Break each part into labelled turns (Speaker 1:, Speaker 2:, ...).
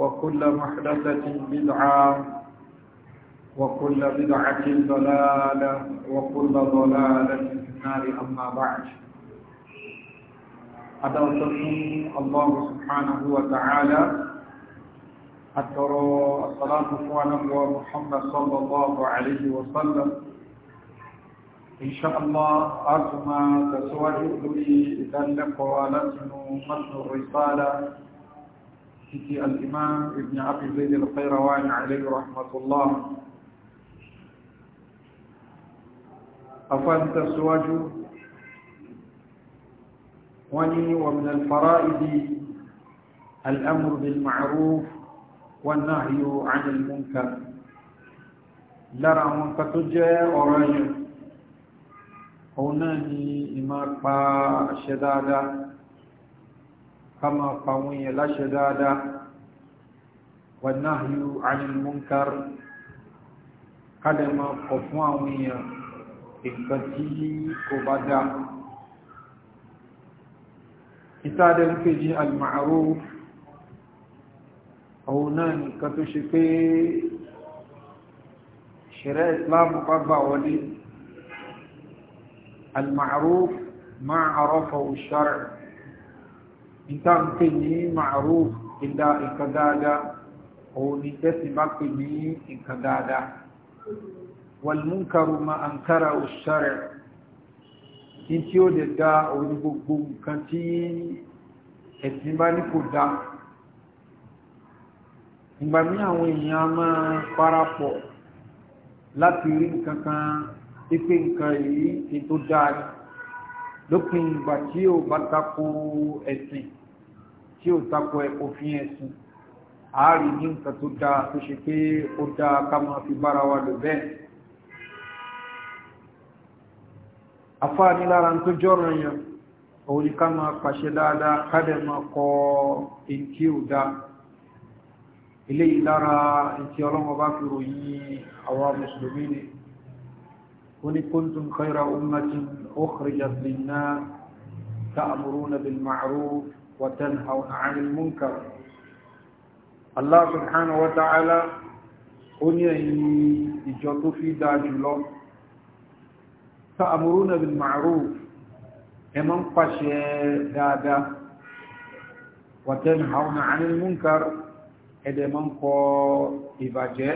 Speaker 1: وكل محدثة بدعة وكل بدعة ضلالة وكل ضلالة في النار أما بعد أدركني الله سبحانه وتعالى أترى الصلاة على محمد صلى الله عليه وسلم إن شاء الله أتما تسوى لي إذا لقوا لتنو متن الرسالة تتي الإمام ابن عبد زيد القيروان عليه رحمة الله أفاد تسواج وني ومن الفرائد الأمر بالمعروف والنهي عن المنكر لرى منكتجة أراجع هنا إما أشدادا ká máa pa àwọn èèyàn láṣẹ dáadáa wà nahyu anil munkar ká dẹ̀ máa kọ̀ fún àwọn èèyàn nǹkan tí kò bá dáa ìtàdẹ̀ ń pè ní al-ma'ruf òun náà nìkan tó ṣe pé ṣẹ̀rẹ́ islam bá gbà wọlé al-ma'ruf ma arafa ash-shar' ìtànkè ní ma'ruf ìdá nǹkan dáadáa òun ni tẹ́sí bá pè ní nǹkan dáadáa wàlmúnkarù ma an kára òṣàrẹ̀ tí tí ó lè dá òun gbogbo nǹkan tí ẹ̀sìn bá ní kò dá ìgbà ní àwọn èèyàn máa parapọ̀ láti rí nǹkan kan pípé nǹkan yìí ètò dáa lópin ìgbà tí ò bá tako ẹ̀sìn tí ó takọ òfin ẹ̀sìn ààrí ní nǹkan tó dáa tó ṣe pé ó dáa ká máa fi bára wa lò bẹ́ẹ̀ afáàní lára tó jọ́ràn yẹn òun ni ká máa pàṣẹ dáadáa kádẹ̀ máa kọ èyí tí dáa eléyìí lára ìtí ọlọ́mọ bá fi ròyìn àwa mùsùlùmí ni kuni kuntum khayra ummatin ukhrijat lin-nas ta'muruna bil ma'ruf وتنهون عن المنكر Allah subhanahu wa ta'ala ó ní ẹ̀yin ìjọ tó fi dáa jùlọ ta'muruna bil ma'ruf ẹ máa ń pàṣẹ dáadáa wa tanhauna 'anil munkar ẹ̀dẹ̀ máa ń kọ ìbàjẹ́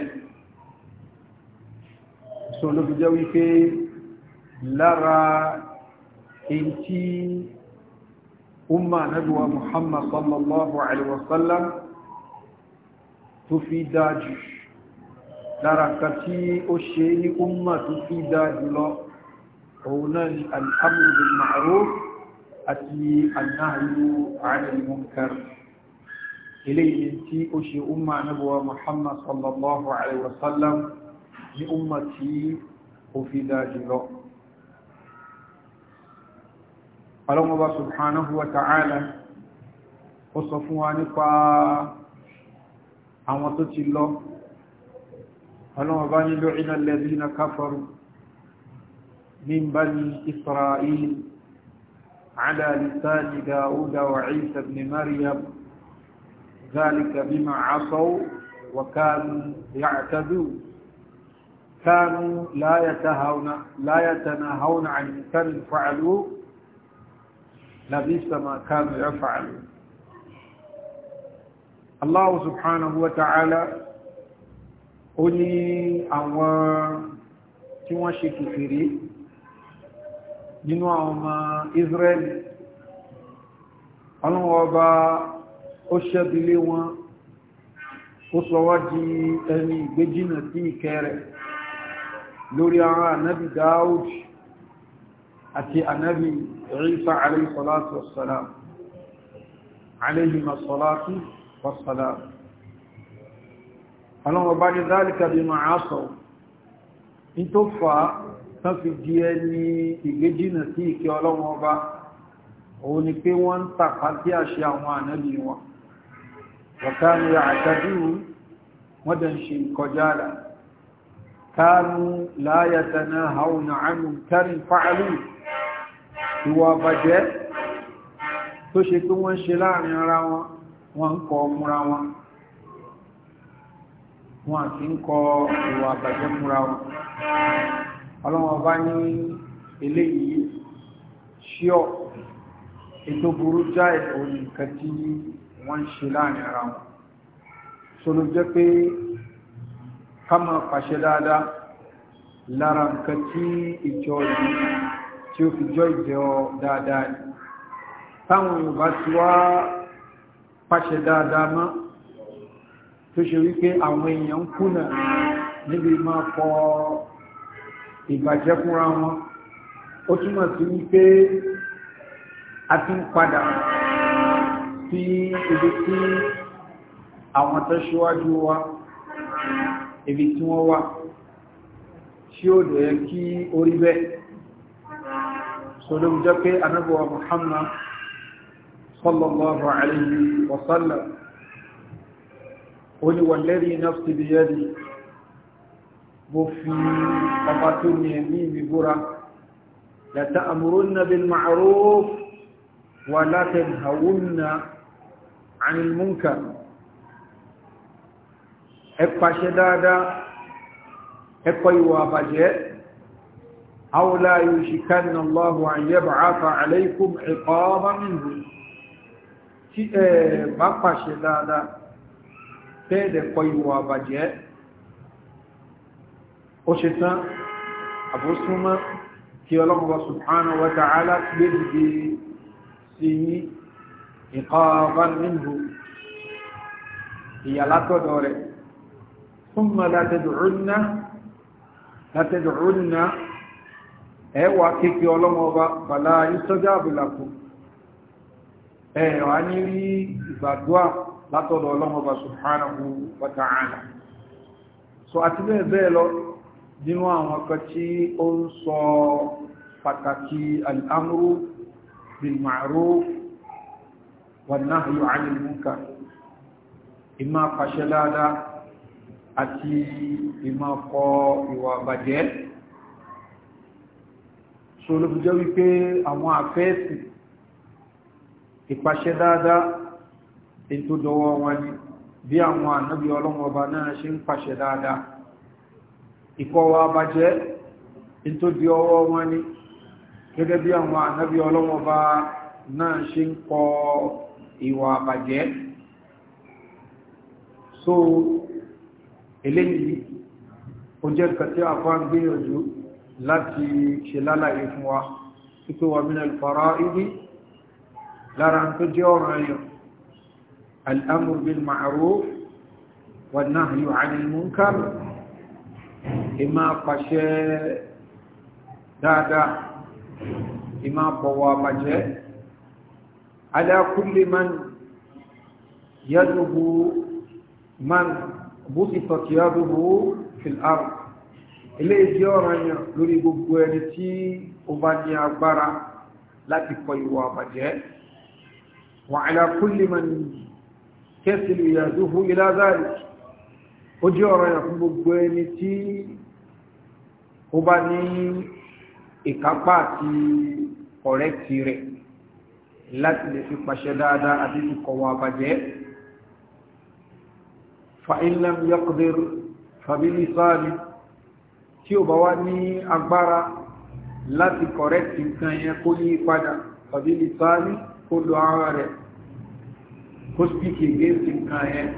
Speaker 1: so ló fi jẹ́ wípé lára èyí tí umma nabuwa muhammad sallallahu alaihi wasallam tó fi dájú lára kan tí ó ṣe ní umma tó fi dájú lọ òun náà ni al'amru bil ma'ruf àti annahyu 'anil munkar eléyìí tí ó ṣe umma nabuwa muhammad sallallahu alaihi wasallam ní umma tí ó fi dájú lọ ọlọ́mọba subhanahu wa ta'ala ó sọ fún wa nípa àwọn tó ti lọ ọlọ́mọba ní lu'ina alladhina kafaru min bani isra'il ala lisani dawuda wa isa ibn maryam ذلك بما عصوا وكانوا يعتدون كانوا لا يتناهون عن منكر فعلوه labisa ma kanu yaf'alu Allah subhanahu wa ta'ala ó ní àwọn tí wọ́n ṣe kìfèrè nínú àwọn ọmọ Israeli ọlọ́wọ́ ọba ó ṣẹ́bílé wọn ó sọ wá di ẹni ìgbéjìnà sí ara ànábì Dáúdì àti ànábì Ìsá alayhi salatu wassalam alayhi salatu wassalam ọlọ́wọ́ bá ní dhalika bima asaw ní tó fa tán fi di ẹni ìgbéjìnà sí ìkẹ́ ọlọ́wọ́ bá òun ni pé wọ́n ń tàpá sí àṣẹ àwọn ànábì wọn wọ̀kánú àtàdúrú wọ́n dẹ̀ ń ṣe ìkọjá rẹ̀ kánú láyàtà náà haúnà ánú kẹrin fa'alú ìwà ọ̀bàjẹ́ tó ṣe pé wọ́n ṣe láàrin ara wọn wọ́n ń kọ múra wọn wọ́n àti ń kọ ìwà ọ̀bàjẹ́ múra wọn ọlọ́wọ́n bá ní eléyìí ṣíọ̀ ètò burú jáì kama nǹkan tí wọ́n ń ṣe láàrin tí ó fi jọ ìjẹ ọ dáadáa táwọn yorùbá ti wá pàṣẹ dáadáa mọ́ tó ṣe wípé àwọn èèyàn ń kùnà níbi máa kọ ìbàjẹ́ fúnra wọn ó túmọ̀ sí wípé a ti ń padà sí ibi tí àwọn tó ṣíwájú wa ibi tí wọ́n wà tí ó dẹ̀ kí orí bẹ́ẹ̀ sọlọ́ jẹ́ pé anábọ̀ Muhammad sallallahu alayhi wa sallam ó ní wàlẹ́rí nafsi bí yẹ́rì bó fi ọba tó ní ẹ̀mí mi búra yàtà àmúrúnnà bil ma'ruf wà أو لا يشكن الله أن يبعث عليكم عقابا منه بقى شلالا تيد قيوة بجاء أشتا أبو سلمة كي الله سبحانه وتعالى بدي سي عقابا منه هي لا تدور ثم لا تدعونا لا تدعونا ẹwà kéèkéé ọlọ́mọba bàlá ìsọ́jà àbìlàkù ẹ̀wà ní rí ìgbàdúà látọ̀dọ̀ ọlọ́mọba subhanahu wa so àti bẹ́ẹ̀ bẹ́ẹ̀ lọ nínú àwọn kan tí ó ń sọ pàtàkì al'amuru bil ma'ruf wa nahyu 'anil munkar ìmá àti ìmá kọ ìwà bàjẹ́ so ló fi jẹ́ wípé àwọn àfẹ́ẹ̀sì ìpàṣẹ dáadáa èyí tó dọwọ́ wọn ni bí àwọn ànábí ọlọ́run ọba náà ṣe ń pàṣẹ dáadáa ìkọwà bàjẹ́ èyí tó di ọwọ́ wọn ni gẹ́gẹ́ bí àwọn ànábí ọlọ́run ọba náà ṣe ń kọ ìwà bàjẹ́ so eléyìí ó jẹ́ nǹkan tí àfáà láti ṣe lálàyé fún wa pípé wa min al-fara'idi lára tó jẹ́ ọ̀rọ̀ ẹ̀yàn al-amru bil ma'ruf wan nahyu 'anil munkar ìmá pàṣẹ dáadáa ìmá bọ̀wọ̀ àbàjẹ́ ala man yaduhu man bùtìtọ̀ kìí yàdùbù fil ard ilé ìjẹ́ ọ̀rọ̀ yàn lórí gbogbo ẹni tí ó bá ní agbára láti kọ ìwà àbàjẹ́ wà alákùnlé ma ní kẹsìlú ìyàzúhú ilázàrí ó jẹ́ ọ̀rọ̀ yàn fún gbogbo ẹni tí ó bá ní ìkápá àti ọ̀rẹ́ ti rẹ̀ láti lè fi pàṣẹ dáadáa àti fi kọ̀wọ̀ àbàjẹ́ fa in lam yaqdir fa tí ó bá wá ní agbára láti kọ̀rẹ́tì nǹkan yẹn kó yí padà tàbí lìtàní kó lọ ara rẹ̀ kó spíkì gẹ́ẹ̀sì nǹkan yẹn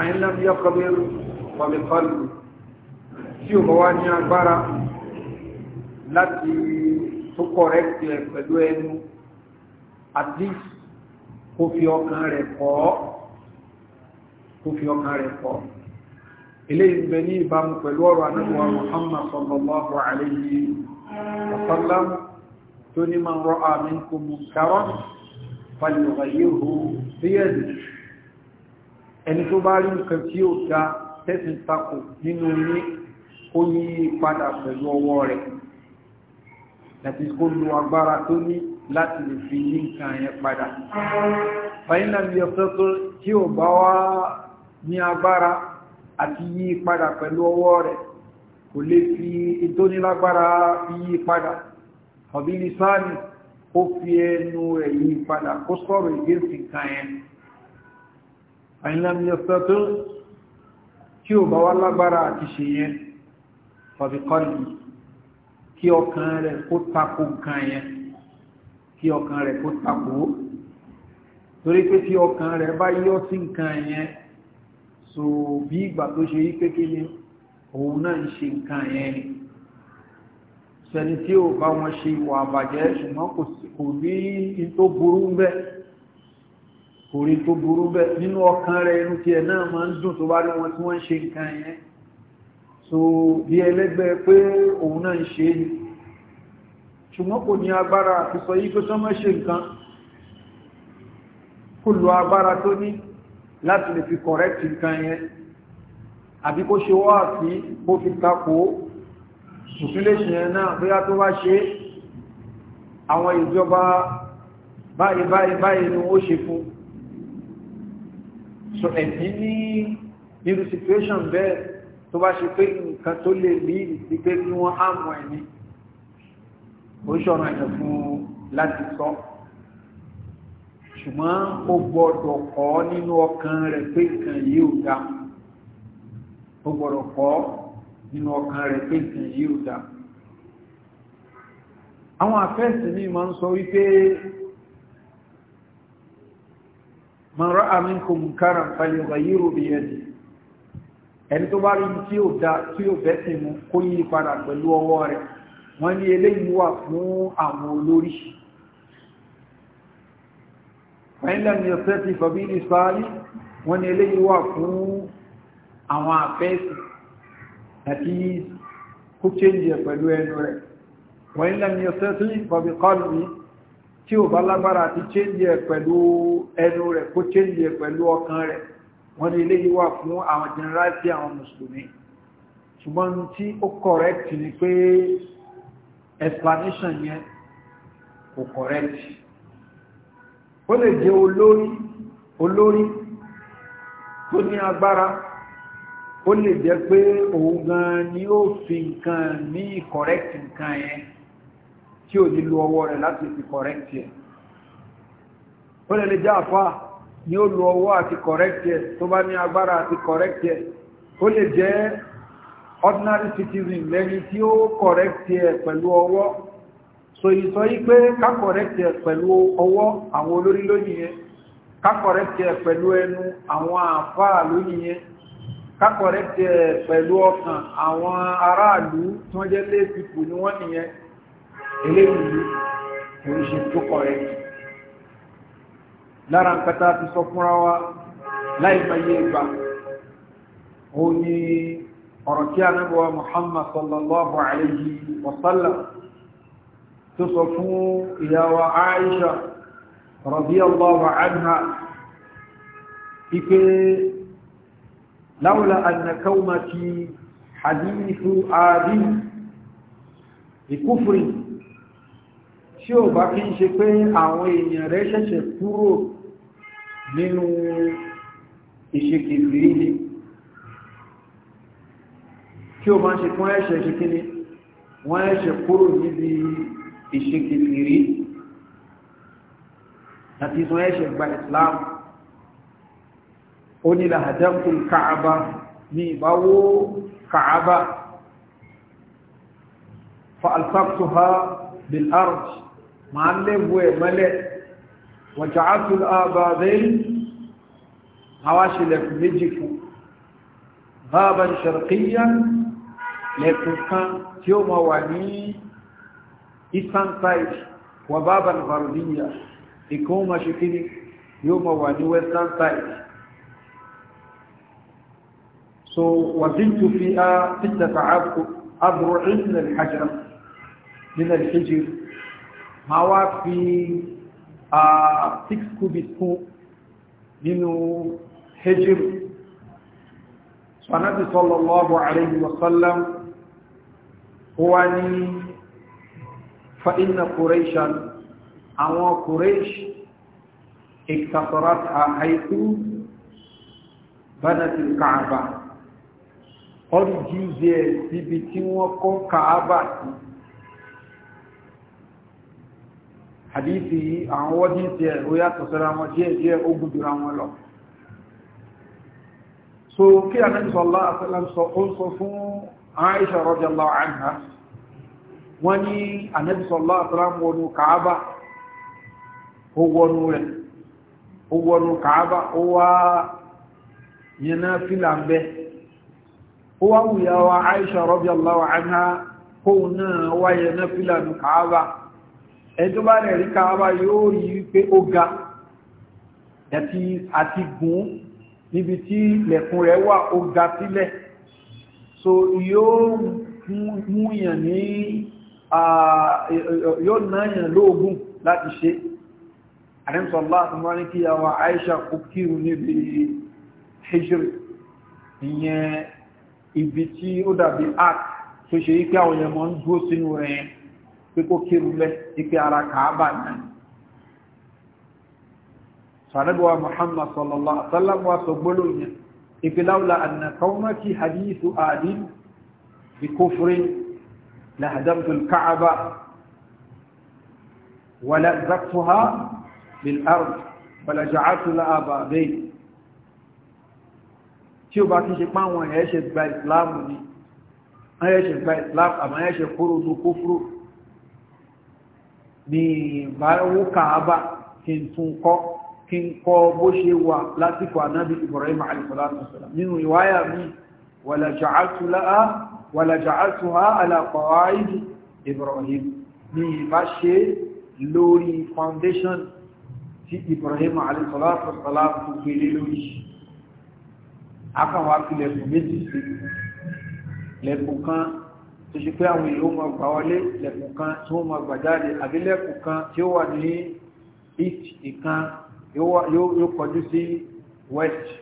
Speaker 1: àyínlẹ́m yọ kọbẹ̀rù pọ̀lẹ̀pọ̀lù tí ó bá wá ní agbára láti tó kọ̀rẹ́tì ẹ̀ pẹ̀lú ẹnu at least kó fi ọkàn rẹ̀ kọ́ eléyìí bẹ ní ìbámu pẹ̀lú ọ̀rọ̀ anábọ̀wà muhammad sallallahu alayhi wa sallam tó ní man ra'a minkum munkaran falyughayyirhu biyadihi ẹni tó bá rí nǹkan tí ó ga tẹ́sìn takò nínú ní kó yí padà pẹ̀lú ọwọ́ rẹ̀ láti kó lo agbára tó ní láti lè fi yí nǹkan yẹn padà fàyínà bí ọ̀sẹ̀ tó tí ò bá wá ní agbára àti yí padà pẹ̀lú ọwọ́ rẹ̀ kò lè fi ìtónilágbára yí padà ọ̀bí lisáàni ó fi ẹnu rẹ̀ yí padà kó sọ̀rọ̀ ìgbésì kan ẹ̀ àìlàmìyànsá tó tí ò bá wá lágbára àti ṣe yẹn ọ̀bí kọ́lì kí ọkàn rẹ̀ kó tako kan kí ọkàn rẹ̀ kó tako torí pé tí ọkàn rẹ̀ bá yọ́ sí nǹkan yẹn so bí ìgbà tó ṣe yí pé kí ni òun náà ń ṣe nǹkan yẹn ni sẹni tí ò bá wọn ṣe ìwà àbàjẹ́ ṣùgbọ́n kò rí in tó burú bẹ́ kò rí tó burú bẹ́ nínú ọkàn rẹ̀ inú tí ẹ náà máa ń dùn tó bá rí wọn tí wọ́n ń ṣe nǹkan yẹn so bí ẹlẹ́gbẹ́ pé òun náà ń ṣe ni ṣùgbọ́n kò ní agbára àti yí pé sọ́mọ́ ṣe nǹkan kò lo agbára tó ní láti lè fi kọ̀rẹ́kì nǹkan yẹn àbí kó ṣe wá sí bó fi tako ìtúléṣìn yẹn náà bóyá tó bá ṣe àwọn ìjọba báyìí báyìí báyìí ni ó ṣe fún so ẹ̀mí ní nínú situation bẹ́ẹ̀ tó bá ṣe pé nǹkan tó lè ní ìsí pé kí wọ́n á mọ̀ ẹ̀mí ó ṣọ̀rọ̀ ẹ̀yàn fún láti sọ́ọ̀ ṣùgbọ́n ó gbọ́dọ̀ kọ́ nínú ọkàn rẹ̀ pé nǹkan yìí ò dá ó gbọ́dọ̀ kọ́ nínú ọkàn rẹ̀ pé nǹkan yìí ò dá àwọn àfẹ́sì ní ma ń sọ wípé man ra'a minkum munkaran falyughayyiru biyadihi ẹni tó bá rí tí ó dá tí ó bẹ́ sí mú kó yí padà pẹ̀lú ọwọ́ rẹ̀ wọ́n ní eléyìí wà fún àwọn olóríṣìí fẹ́lẹ̀ ni ọ̀sẹ́ ti fàbí ní sáàrí wọ́n ni eléyìí wà fún àwọn àfẹ́sì àti kó chéjì ẹ̀ pẹ̀lú ẹnu rẹ̀ wọ́n ni ọ̀sẹ́ ti fàbí kọlùmí tí ò bá lágbára àti chéjì ẹ̀ pẹ̀lú ẹnu rẹ̀ kó ẹ̀ pẹ̀lú ọkàn rẹ̀ wọ́n ni eléyìí wà fún àwọn jẹnẹráìtì àwọn mùsùlùmí ṣùgbọ́n tí ó correct ni pé explanation yẹn kò correct ó lè jẹ́ olórí olórí tó ní agbára ó lè jẹ́ pé òun gan ni ó fi nǹkan ní kọ̀rẹ́kì nǹkan yẹn tí ò ní lo ọwọ́ rẹ̀ láti fi kọ̀rẹ́kì ẹ̀ ó lè lè jẹ́ àfá ni ó lo ọwọ́ àti kọ̀rẹ́kì ẹ̀ tó bá ní agbára àti kọ̀rẹ́kì ẹ̀ ó lè jẹ́ ordinary citizen lẹ́ni tí ó kọ̀rẹ́kì ẹ̀ pẹ̀lú ọwọ́ so ìsọ yí pé pẹlụ ọwọ pẹ̀lú ọwọ́ àwọn olórí lónìyẹn kákọ̀rẹ́tì ẹ̀ pẹ̀lú ẹnu àwọn àfáà lónìyẹn kákọ̀rẹ́tì ẹ̀ pẹ̀lú ọkàn àwọn aráàlú tí wọ́n jẹ́ ni wọ́n nìyẹn eléyìí ti tó sọ fún ìyàwó Aisha radiyallahu anha ipe láwùlá annakauma ti hadithu adi ìkúfùrì tí ò bá kí ń ṣe pé àwọn èèyàn rẹ̀ ṣẹ̀ṣẹ̀ kúrò nínú ìṣekèfèrí ni kí o máa ṣe fún ẹ̀ṣẹ̀ ṣe wọ́n ẹ̀ṣẹ̀ kúrò níbi ìṣekèfèrè àti sọ ẹ̀ṣẹ̀ gba islam ó ní làhàdákùn káàbà ní ìbáwó káàbà fa alfaqtuha bil ard ma lẹ́gbọ́ ẹ̀ mẹ́lẹ̀ wàjáàtù àbáadẹ́yìn àwáṣẹlẹ̀ méjì fún bában sharqiyyan lẹ́kùnkan tí ó ma wà ní eastern side wà bábà nàfàrùdíyà ìkó ma ṣe kí ni yóò ma wà ní western side so wà dìntù fi a títàkà àbúrò ìsìn alhajar nínú alhijir ma wá fi a 6 cubit kún nínú hijir sanabi sallallahu alaihi wasallam wani فإن قريشا أو قريش اكتفرتها حيث بنت الكعبة قد جيزي سبتين وقو كعبة حديثي عن وجهتي ويا تسلام جي جي أبو الله so kí a nẹ́bí sọ́lá àtàlà sọ fún Aisha radiyallahu anha wọ́n ní ànẹ́bìsọ̀lá àtàràmù wọnú kàábà ó wọnú rẹ̀ ó wọnú kàábà ó wá yẹnà fílà ń bẹ́ ó wá wùyà wa Aisha radiyallahu anha kóhùn náà wá yẹnà fílà ní kàábà ẹjọ́ bá rẹ̀ rí kàábà yóò rí pé ó ga àti gùn níbi tí lẹ̀kùn rẹ̀ wà ó ga sílẹ̀ so yóò mú yàn ní E, e, e, yóò náyàn lóògùn láti ṣe àrẹ́sọ̀lá àtúnwárí kí àwọn Aisha kúkírù níbi hijri ìyẹn ibi tí ó dàbí ark tó ṣe yí pé àwọn èèyàn mọ́ ń dúró sínú rẹ̀ pé kó kírù lẹ́ ipé ara kàábà náà sàrẹ́bọ̀wà Muhammad لهدمت الكعبة ولأذقتها بالأرض فلجعلت لها بابين tí ó bá kí ṣe páwọn ẹ̀yẹ́ ṣe gba ìsìláàmù ní ẹ̀yẹ́ ṣe gba ìsìláàmù àmà ẹ̀yẹ́ ṣe kúrò ní kúfúrú ní ìbáwó kàábà kí n tún kọ́ kí n kọ́ bó ṣe wà lásìkò ànábì Ibrahim alayhi salatu wassalam nínú ìwáyà mi wàlàjọ́ àtúlá wàlàjàátùhá alàpàáìdì Ibrahim ni ìbá ṣe lórí foundation tí Ibrahim alìsọ́lá tó gbélé lórí akọwà fi lẹ́kùn méjì sí lẹ́kùn kan tó ṣe pé àwọn èèyàn ma gbà wọlé lẹ́kùn kan tí wọ́n ma gbà jáde àbí lẹ́kùn kan tí ó wà ní east ìkan yóò kọjú sí west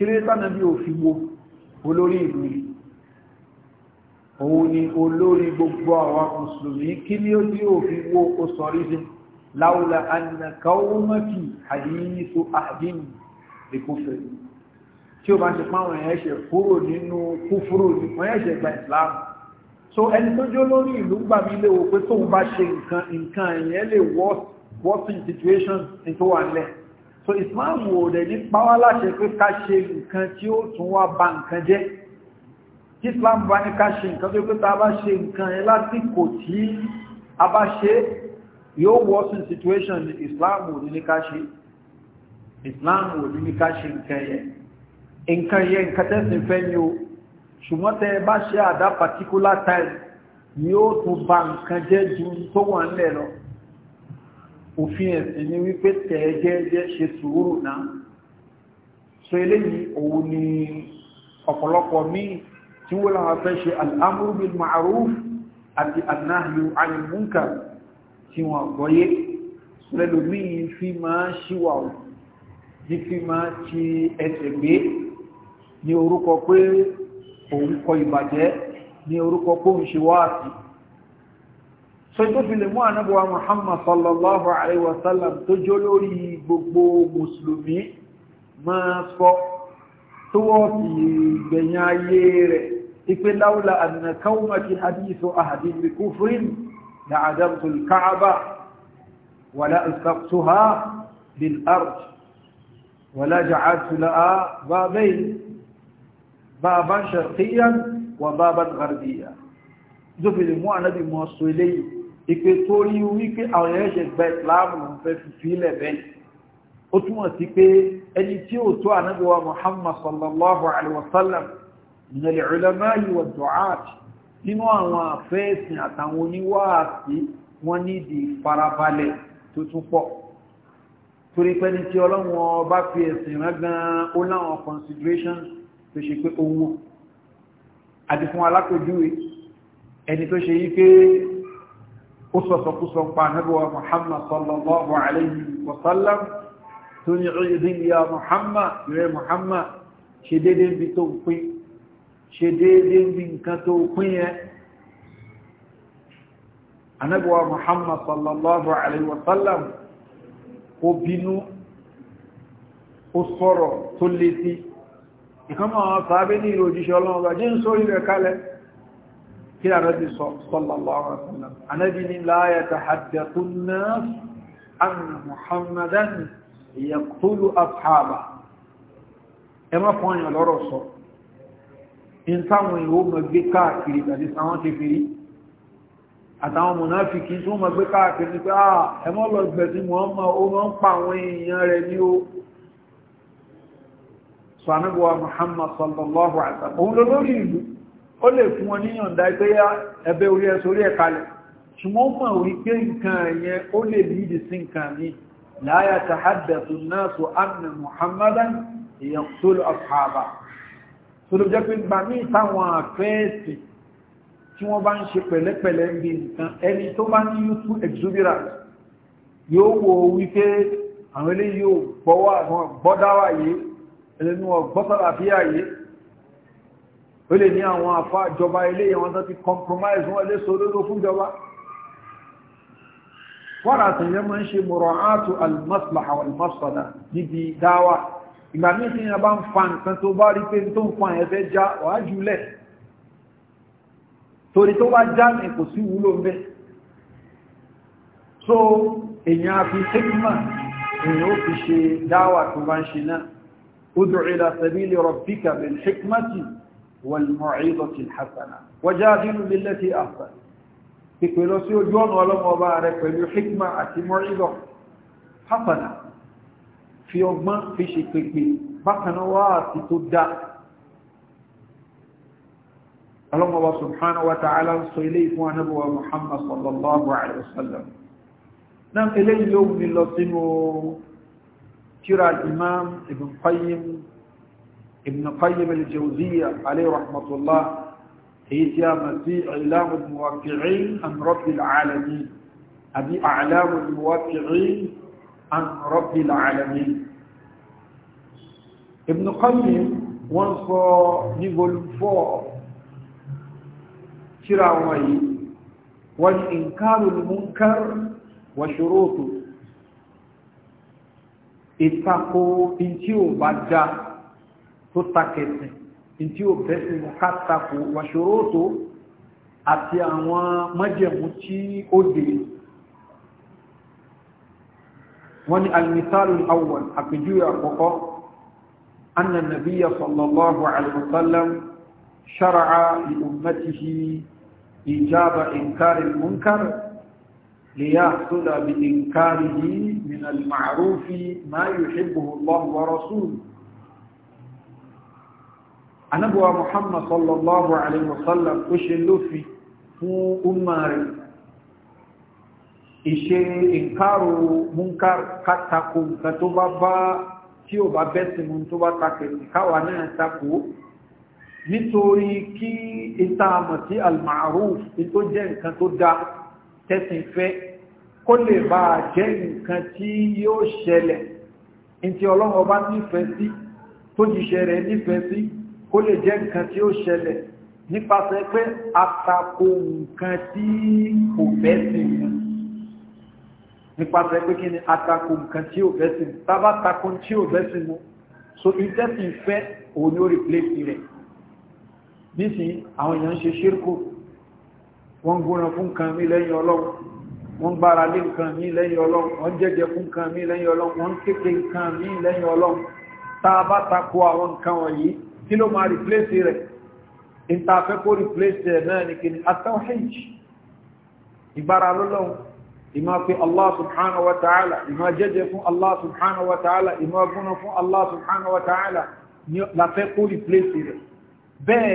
Speaker 1: kiri tánàbí òfin wo olórí ìlú yìí òun ni olórí gbogbo àwọn mùsùlùmí kí ni ó tí òfin wo ó sọ rí sí láwùlà ànàkàwọ́mọ́kì àdíyíso àdínì ìkúfẹ́ tí ó bá ṣe páwọn èèyàn kúrò nínú kúfúrò nípa ẹ̀ṣẹ̀ gba ìsìláàmù so ẹni tó jó lórí ìlú gbà mí léwo pé tóun bá ṣe nǹkan so islam ò dẹ̀ ní pàwọ́ láṣẹ pé ká ṣe nǹkan tí ó tún wá ba nǹkan jẹ́ tí islam bá ní ká ṣe nǹkan tó pé ta bá ṣe nǹkan ẹ lásìkò tí a bá ṣe yóò worsen situation ní islam ò ní ká ṣe islam ò ní ká ṣe nǹkan yẹn nǹkan yẹn nǹkan tẹ́sìn fẹ́ ni o ṣùgbọ́n tẹ́ ẹ bá ṣe particular time yóò tún ba nǹkan jẹ́ ju tó wà ń lẹ̀ lọ òfin ẹ̀sìn ni wípé tẹ́ẹ̀jẹ́ẹ́jẹ́ ṣe sùúrù náà so eléyìí òun ni ọ̀pọ̀lọpọ̀ míì tí wọ́n láwọn fẹ́ ṣe al'amuru bil ma'aruf àti annahyu anil munkar tí wọ́n gbọ́yé lẹ́lòmíì fi máa ṣíwà ní fi máa ti ẹsẹ̀ gbé ní orúkọ pé òun kọ ìbàjẹ́ ní orúkọ pé òun ṣe wáàtì so tó fi lè mú ànábọ̀wà muhammad sallallahu alaihi wasallam tó jó lórí gbogbo mùsùlùmí máa sọ tó wọ́n fi gbẹ̀yìn ayé rẹ̀ ipe láwùlà àdìnà káwùmọ̀kí hadith ahadin bi kufrin la adamtu al-ka'aba wala istaqtuha bil ard wala ja'altu laha babayn baban sharqiyyan wa baban gharbiyyan zufil mu'anabi muwassilayn ìpè torí wípé àwọn èèyàn ṣe gba ìsìláàmù ń fẹ́ fífi ilẹ̀ bẹ́ẹ̀ ó túmọ̀ sí pé ẹni tí ó tó ànábíwá muhammad sallallahu alaihi wasallam nílẹ̀ ìrìnlẹ́mọ́ ìwọ̀ dùhát nínú àwọn àfẹ́ẹ̀sìn àtàwọn oníwáàsí wọn nídìí farabalẹ̀ tó tún pọ̀ torí pé ní tí ọlọ́wọ́n bá fi ẹ̀sìn rán gan-an ó láwọn considerations tó ṣe pé owó àti fún alákòjúwe ẹni tó ṣe yí pé ó sọ̀sọ̀ kú sọ pa nígbà Muhammad sallallahu alayhi wa sallam tó ní ìdí ya Muhammad rẹ̀ Muhammad ṣe dédé bí tó ń pín ṣe dédé bí nǹkan tó pín yẹn anábíwa Muhammad sallallahu alayhi wa sallam ó bínú ó sọ̀rọ̀ tó lé sí ìkánmọ̀ sàábé ní ìròjíṣẹ́ ọlọ́run kí àrọ́bí sallallahu alaihi wasallam anábí ní la yatahaddathu an-nas anna muhammadan yaqtulu ashabahu ẹ má fún ọyàn lọ́rọ̀ sọ in táwọn ìwò mọ̀ gbé káàkiri tàbí sáwọn ti fi rí àtàwọn mùnáfìkì tó mọ̀ gbé káàkiri pé à ah, ẹmọ́ lọ gbẹ̀sí Muhammad ó mọ́ pa àwọn èèyàn rẹ̀ ní ó sọ anábọ̀wà Muhammad sallallahu alaihi lọ lórí ìlú ó lè fún wọn níyàn dá pé ẹbẹ́ orí ẹ sórí ẹ kalẹ̀ ṣùgbọ́n mọ̀ wípé nǹkan ẹ̀yẹn ó lè lídì sí nǹkan ní láyà tàhádẹ̀tù náà tó ánà muhammadan èèyàn tó lọ àpàbà tó ló jẹ́ pé gbà ní ìtàwọn àfẹ́ẹ̀sì tí wọ́n bá ń ṣe pẹ̀lẹ́pẹ̀lẹ́ ń nǹkan ẹni tó bá ní youthful exuberance yóò wo wípé àwọn eléyìí ò gbọ́dáwà yìí ẹlẹ́nu ọ̀gbọ́sọ̀rọ̀ àfíà yìí ó lè ní àwọn àfá ìjọba ilé ìwọ̀n tó ti compromise wọ́n lè so lóró fún ìjọba fọ́nà àtìyàn máa ń ṣe mọ̀rọ̀ áàtù almaslaha almasada níbi dáwà ìgbà míì tí yẹn bá ń fa nǹkan tó bá rí pé tó ń fa ẹ̀fẹ́ já wàá jùlẹ̀ torí tó bá já ní kò sí wúlò mẹ́ so èèyàn àfi tẹ́gbìmọ̀ èèyàn ó fi ṣe dáwà tó bá ń ṣe náà ó dùn ìlà sẹ́bílì rọ̀bíkà bẹ̀rẹ̀ والمعيضة الحسنة وجادل بالتي أحسن تقول سيجون ولا مبارك ولحكمة معيضة حسنة في يوم في شكلك بقنا واسطة اللهم الله سبحانه وتعالى صليف ونبوة محمد صلى الله عليه وسلم نعم إليه يوم من ترى الإمام ابن قيم ابن قيم الجوزية عليه رحمة الله هي مسيح إعلام الموافعين عن رب العالمين أبي أعلام الموافعين عن رب العالمين ابن قيم وانصى نقول فوق شراوي والإنكار المنكر وشروطه اتقوا انتوا بجاه tó takẹ̀sì tí ó bẹ́sẹ̀ kátàkù wàṣòrótó àti àwọn májẹ̀mú tí ó dé wọ́n ni alìmìtàlù àwọn àpèjúwe àkọ́kọ́ أن النبي صلى الله عليه وسلم شرع لأمته إيجاب إنكار المنكر ليحصل بإنكاره من المعروف ما يحبه الله ورسوله anábọ̀wà muhammad sallallahu alaihi wasallam ó ṣe lófi fún umma rẹ̀ ìṣe ìkárò múnkar kátàkù nǹkan tó bá bá tí ò bá bẹ́sìn mú tó bá takẹ̀ ìkáwà náà takò nítorí kí ìta àmọ̀ sí almaruf tó jẹ́ nǹkan tó dá tẹ́sìn fẹ́ kó lè bá jẹ́ nǹkan tí yóò ṣẹlẹ̀ ní ti ọlọ́run nífẹ̀ẹ́ sí tó jíṣẹ́ rẹ̀ nífẹ̀ẹ́ sí kó lè jẹ́ nǹkan tí ó ṣẹlẹ̀ nípasẹ̀ pé àtakò nǹkan tí kò fẹ́ sí mu nípasẹ̀ pé kí ni àtakò nǹkan tí ò fẹ́ sí mu tábà takò tí ò fẹ́ sí mu so ìtẹ́sì fẹ́ òun ni ó rìpléṣì rẹ̀ nísìnyí àwọn èèyàn ń ṣe ṣírkù wọ́n ń gbóná fún nǹkan mi lẹ́yìn ọlọ́run wọ́n gbára lé nǹkan mi lẹ́yìn ọlọ́run wọ́n jẹ́jẹ́ fún nǹkan mi lẹ́yìn ọlọ́run wọ́n kéke nǹkan mi lẹ́yìn ọlọ́run tá a bá takò àwọn nǹkan wọ̀nyí kí ló máa replace rẹ̀ ìtafẹ́ kó replace rẹ̀ náà ni kí ni atawhid ìbára lọ́lọ́run ìmá fi Allah subhanahu wa ta'ala ìmá jẹ́jẹ́ fún Allah subhanahu wa ta'ala ìmá gúnná fún Allah subhanahu wa ta'ala láfẹ́ kó replace rẹ̀ bẹ́ẹ̀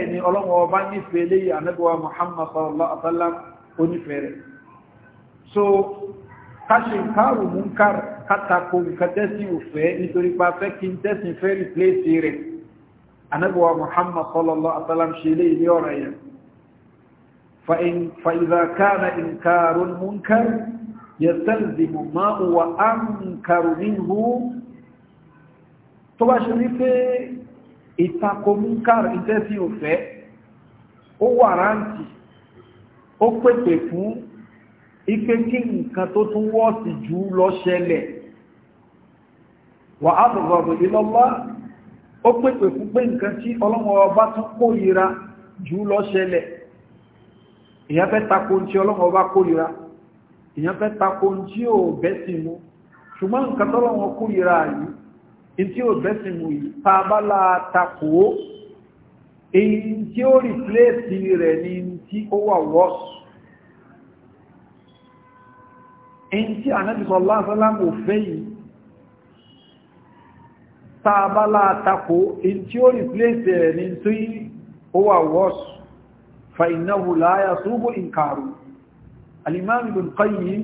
Speaker 1: ni so káṣe káàrù mú káàrù kátàkó nǹkan tẹ́sí òfẹ́ nítorí pa fẹ́ kí n tẹ́sí fẹ́ replace rẹ̀ anabiwa muhammad sallallahu alaihi wasallam ṣe ilé ilé ọ̀rọ̀ yẹn فإذا كان إنكار منكر يستلزم ما هو أنكر منه tó bá ṣe ní pé ìtakò munkar ìtẹ́sí òfẹ́ ó wà rántí ó pèpè fún ipé kí nǹkan tó tún wọ́ sí jù lọ ṣẹlẹ̀ wà á tọ̀gbọ̀gbọ̀ ìlọ́lọ́ ó pèpè fún pé nǹkan tí ọlọ́wọ́ ọba tún kórìíra jù lọ ṣẹlẹ̀ èyàn fẹ́ tako tí ọlọ́wọ́ ọba kórìíra èyàn fẹ́ tako tí ò bẹ́sì mú ṣùgbọ́n nǹkan tọ́lọ́wọ́ kórìíra yìí in tí ò bẹ́sì mú yìí ta bá la tako èyí tí ó rìpléèsì rẹ̀ ni tí ó wà wọ́sù èyí tí ànábìsọ̀ lásán láàmù òfẹ́ yìí tàbálá àtakò in tí ó replace rẹ̀ ní tí ó wà wọ́sù fa ináhù láyá súnbù ìkàrù al'imam ibn qayyim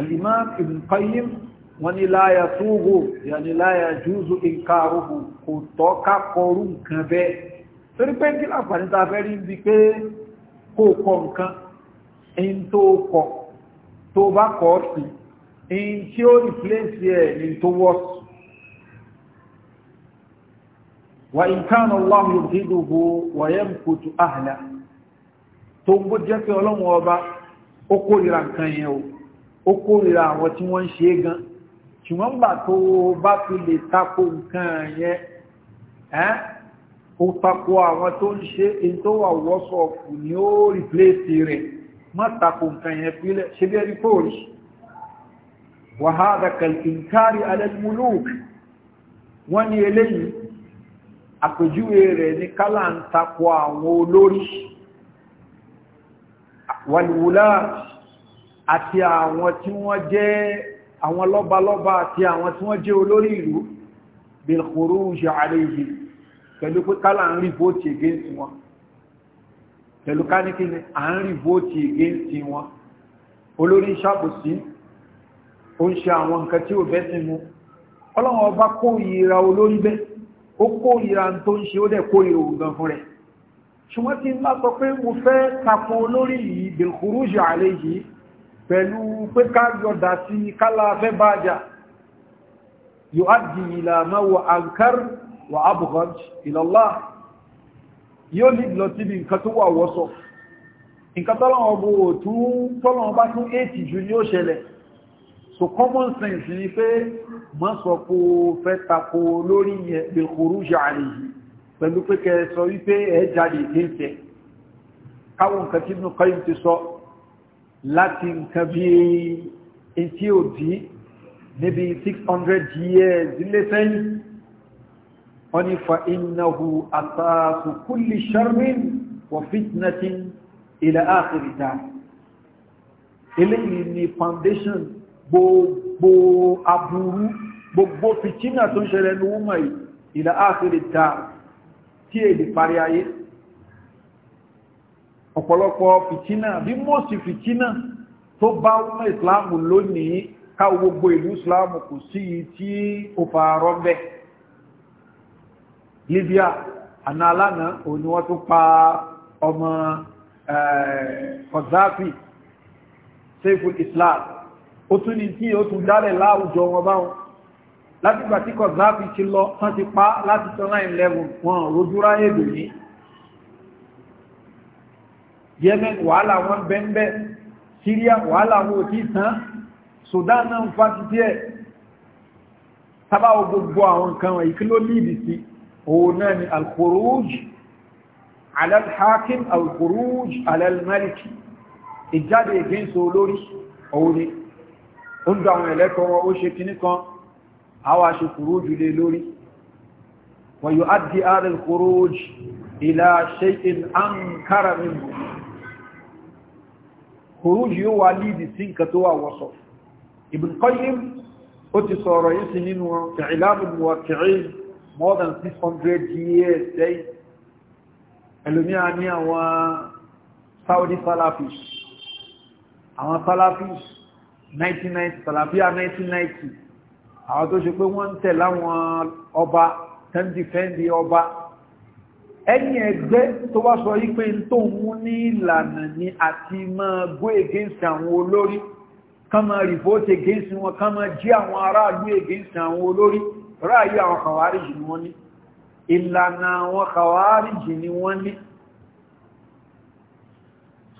Speaker 1: al'imam ibn qayyim wani láyá súnbù yàni láyá júzù ìkàrù kò tọ́ kákọrù nǹkan bẹ́ torí pé kí láfàní ta fẹ́ rí bí pé kò kọ nǹkan in tó kọ tó bá kọ́ sí in tí ó replace rẹ̀ ní tó wọ́sù وإن كان الله يبغضه ويمكت أهله tóńgbó jẹ́ pé ọlọ́run ọba ó kórìíra nǹkan yẹn o ó kórìíra àwọn tí wọ́n ń ṣe é gan ṣùgbọ́n gbà tó bá fi lè tako nǹkan yẹn ẹ́n ó tako àwọn tó ń ṣe èyí tó wà wọ́sọ̀ọ̀fù ni ó rìpléṣì rẹ̀ má tako nǹkan yẹn fílẹ̀ ṣe bí ẹni kóòrì wàhálà kàlkìnkárì alẹ́múlùk wọ́n ní eléyìí àpèjúwe rẹ̀ ní kálà ń takọ àwọn olórí wàlúwùlá àti àwọn tí wọ́n jẹ́ àwọn lọ́balọ́ba àti àwọn tí wọ́n jẹ́ olórí ìlú bilkuru ṣe àríyìn pẹ̀lú pé kálà ń rí vóòtì against wọn pẹ̀lú ká ní kí à ń rí vóòtì against wọn olórí ṣàbòsí ó ń ṣe àwọn nǹkan tí ò bẹ́sìn mú ọlọ́wọ́n ọba kó ìra olórí bẹ́ẹ̀ ó kórìíra tó ń ṣe ó dẹ̀ kórìíra ògùn fún rẹ̀ ṣùgbọ́n tí bá sọ pé mo fẹ́ tako olórí yìí bilkhuruji alayhi pẹ̀lú pé ká sí kálá fẹ́ bájà yuaddi ila ma wa ankar wa abghad ila Allah yóò ní lọ síbi nǹkan tó wà wọ́sọ̀ nǹkan tọ́lọ́wọ́ bó tún tọ́lọ́wọ́ so common sense ni pé ma sọ kó fẹ́ tako lórí ìkòrò jàrí pẹ̀lú pé kẹ sọ wípé ẹ jáde kéńtẹ̀ káwọn nǹkan tí inú kọ́yìn ti sọ láti nǹkan bí etí òdí níbi 600 years ilé sẹ́yìn wọ́n ni fa innahu àtàkù kulli sharrin wa fitnatin ila akhirida eléyìí ni foundation gbogbo aburú gbogbo fìtínà tó ń ṣẹlẹ̀ ní ọmọ ìlà áàfẹ́lẹ̀ ta tí èdè parí ayé ọ̀pọ̀lọpọ̀ fìtínà bí mọ́sí fìtínà tó bá ọmọ ìsìláàmù lónìí ká gbogbo ìlú ìsìláàmù kò sí tí ó fàárọ́ bẹ́ libya àna alánà òní wọ́n tún pa ọmọ kọ̀záfì eh, sefu islam ó tún ní tí ó tún dálẹ̀ láwùjọ wọn báwọn láti gbà tí kọ̀záàfì ti lọ tán ti pa láti tán láì lẹ́wù wọn rojúra èdè ní yemen wàhálà wọn bẹ́ńbẹ́ syria wàhálà wọn ò tí tán sudan náà ń fa títí ẹ̀ tábàwọ gbogbo àwọn nǹkan wọn ìkí ló líìdì sí òun náà ni al-khuruj ala al ìjáde against olórí òun ni ó ń do àwọn ẹ̀lẹ́kọ̀ọ́ wọn ó ṣe kinní kan àwọn aṣekùrú òjùlé lórí wọ́n yóò addi adil kúrò òjì ìlà ṣe in an kára mímú kúrò òjì yóò wà lídì sí nǹkan tó wà wọ́sọ̀ Ibn ó ti sọ̀rọ̀ yìí sí nínú I'lamul àwọn Saudi 1990 sàlàfíà 1990 àwọn tó ṣe pé wọ́n ń tẹ̀ láwọn ọba tán dìfẹ́ndì ọba ẹni ẹgbẹ́ tó wá sọ yí pé tó mú ní ìlànà ni àti máa go against àwọn olórí kán máa revolt against wọn kán máa jí àwọn aráàlú against àwọn olórí ráàyè àwọn kàwáríjì ni wọ́n ní ìlànà àwọn kàwáríjì ni wọ́n ní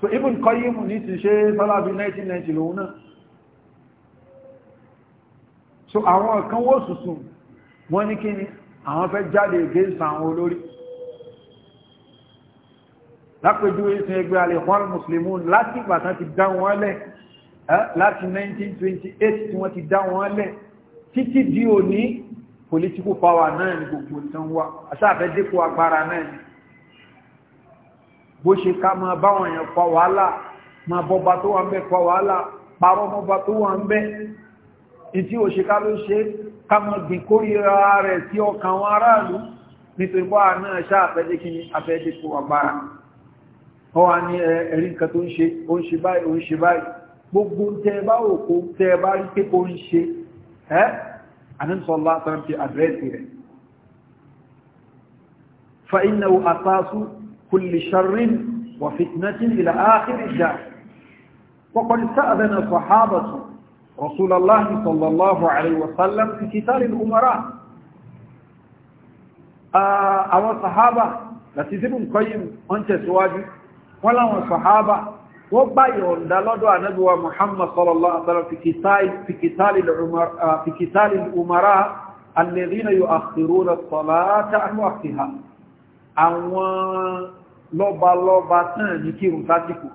Speaker 1: so Ibn Qayyim ní ti ṣe sọ́lábí 1990 lòun náà so àwọn kan wó sùsùn wọ́n ní kí ni àwọn fẹ́ jáde against àwọn olórí lápẹjú ìsìn ẹgbẹ́ alẹ́kọ́n muslimun láti ìgbà tán ti dá wọn lẹ̀ láti 1928 tí wọ́n ti dá wọn lẹ̀ títí di òní political power náà ni gbogbo ìtàn wa aṣáàfẹ́ dípò agbára náà ni bó ṣe ká máa báwọn èèyàn pa wàhálà máa bọba tó wà ń bẹ pa wàhálà parọ́ tó wà ń bẹ ìtí òṣèká ló ṣe kàmọ̀gbìn kórìíra rẹ̀ tí ọkàn àwọn aráàlú nítorí bọ́ àná ẹ̀ṣá àfẹ́dé kí ni àfẹ́dé kó agbára wọ́n wá ní ẹ̀rí nǹkan tó ń ṣe ó ń ṣe báyìí ó ń ṣe báyìí gbogbo tẹ́ bá òkú tẹ́ bá rí pé kó ń ṣe ẹ́ àníṣọ́lá tán ti àdírẹ́sì rẹ̀ fa innahu asasu kulli sharrin wa fitnatin ila akhir ad-dahr wa qad sa'adana sahabatu رسول الله صلى الله عليه وسلم في قتال الأمراء àwọn sàhábà láti síbù ń kọ́yí wọ́n tẹ̀síwájú wọ́n láwọn sàhábà wọ́n gbá yọ̀ǹda lọ́dọ̀ ànábíwa muhammad sallallahu alaihi wasallam fi kìtàlì umara alẹ́rìnà yóò àkìrò na sọ̀láta àwọn àkìhà àwọn lọ́balọ́ba tán ní kírùn sátìkù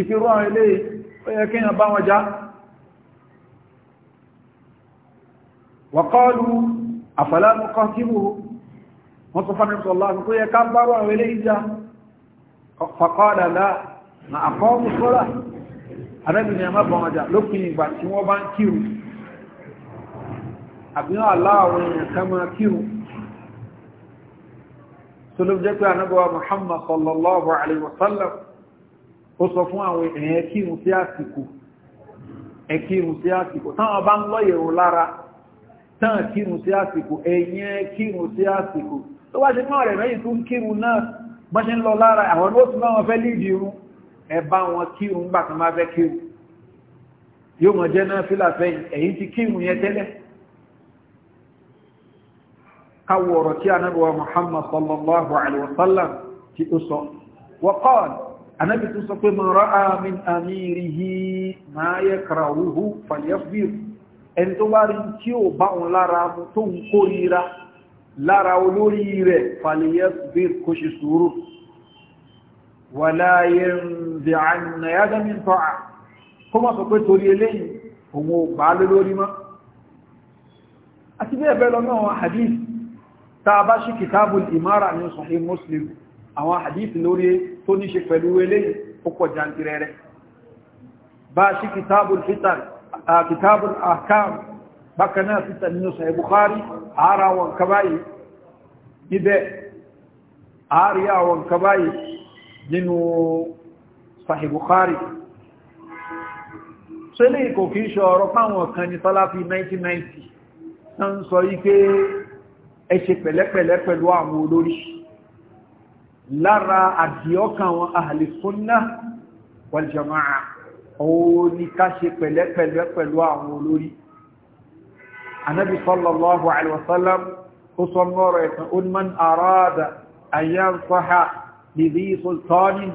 Speaker 1: ìfirọ́ ilé ó yẹ kíyàn bá wọn já wàkọ́ọ̀lù àfàlánù kan síbò wọ́n sọ fánà sọ láàrín kó yẹ ká bá wà wẹ́lé ìjà fàkọ́ọ̀dà láà na àkọ́ọ̀mù sọ́lá arẹ́bìnrin àmà bá wọn já lópin ìgbà tí wọ́n bá ń kírun àbíyàn aláàwọn èèyàn ká máa kírun tó ló jẹ́ pé anábọ̀wà muhammad sallallahu alaihi wasallam ó sọ fún àwọn èèyàn kírun sí àsìkò ẹ kírun sí àsìkò táwọn bá ń lọ́yẹ̀rún lára táwọn kírun sí àsìkò ẹ̀yìn ẹ kírun sí àsìkò tó wá ṣe fún ọ̀rẹ́ mẹ́yìn tó ń kírun náà bọ́n ṣe ń lọ lára àwọn ló tún láwọn fẹ́ lídì irun ẹ ti kírun yẹn tẹ́lẹ̀ anábì tún sọ pé mọ̀rọ̀ àmì àmì ìrìhì máa yẹ kàràwùhù fàyẹ́fìr ẹni tó bá rí tí ò bá wọn lára mú tó ń kórira lára olórí rẹ̀ fàyẹ́fìr kò ṣe sùúrù wà láyé ǹdẹ̀ àìnà yádámi tọ́à kó má sọ pé tó ní ṣe pẹ̀lú eléyìí ó pọ̀ jantirẹrẹ bá ṣí kitabul fitan kitabul ahkam bákan náà fitan nínú sahih bukhari ara wọn kabayi níbẹ̀ ari àwọn kabayi nínú sahih bukhari sẹ́lẹ̀ kò kí ṣe fáwọn kan ní tọ́láfí 1990 tán sọ yí pé ẹ ṣe pẹ̀lẹ́pẹ̀lẹ́ pẹ̀lú àwọn olórí lára àdíọ́kàn wọn ahli sunnah wal jama'ah òun ni ká ṣe pẹ̀lẹ́pẹ̀lẹ́ pẹ̀lú àwọn olórí anábi sallallahu alaihi wasallam ó sọ mọ́rọ̀ ẹ̀kan ó man àrádà ayyán sọ́ha nìdí sultani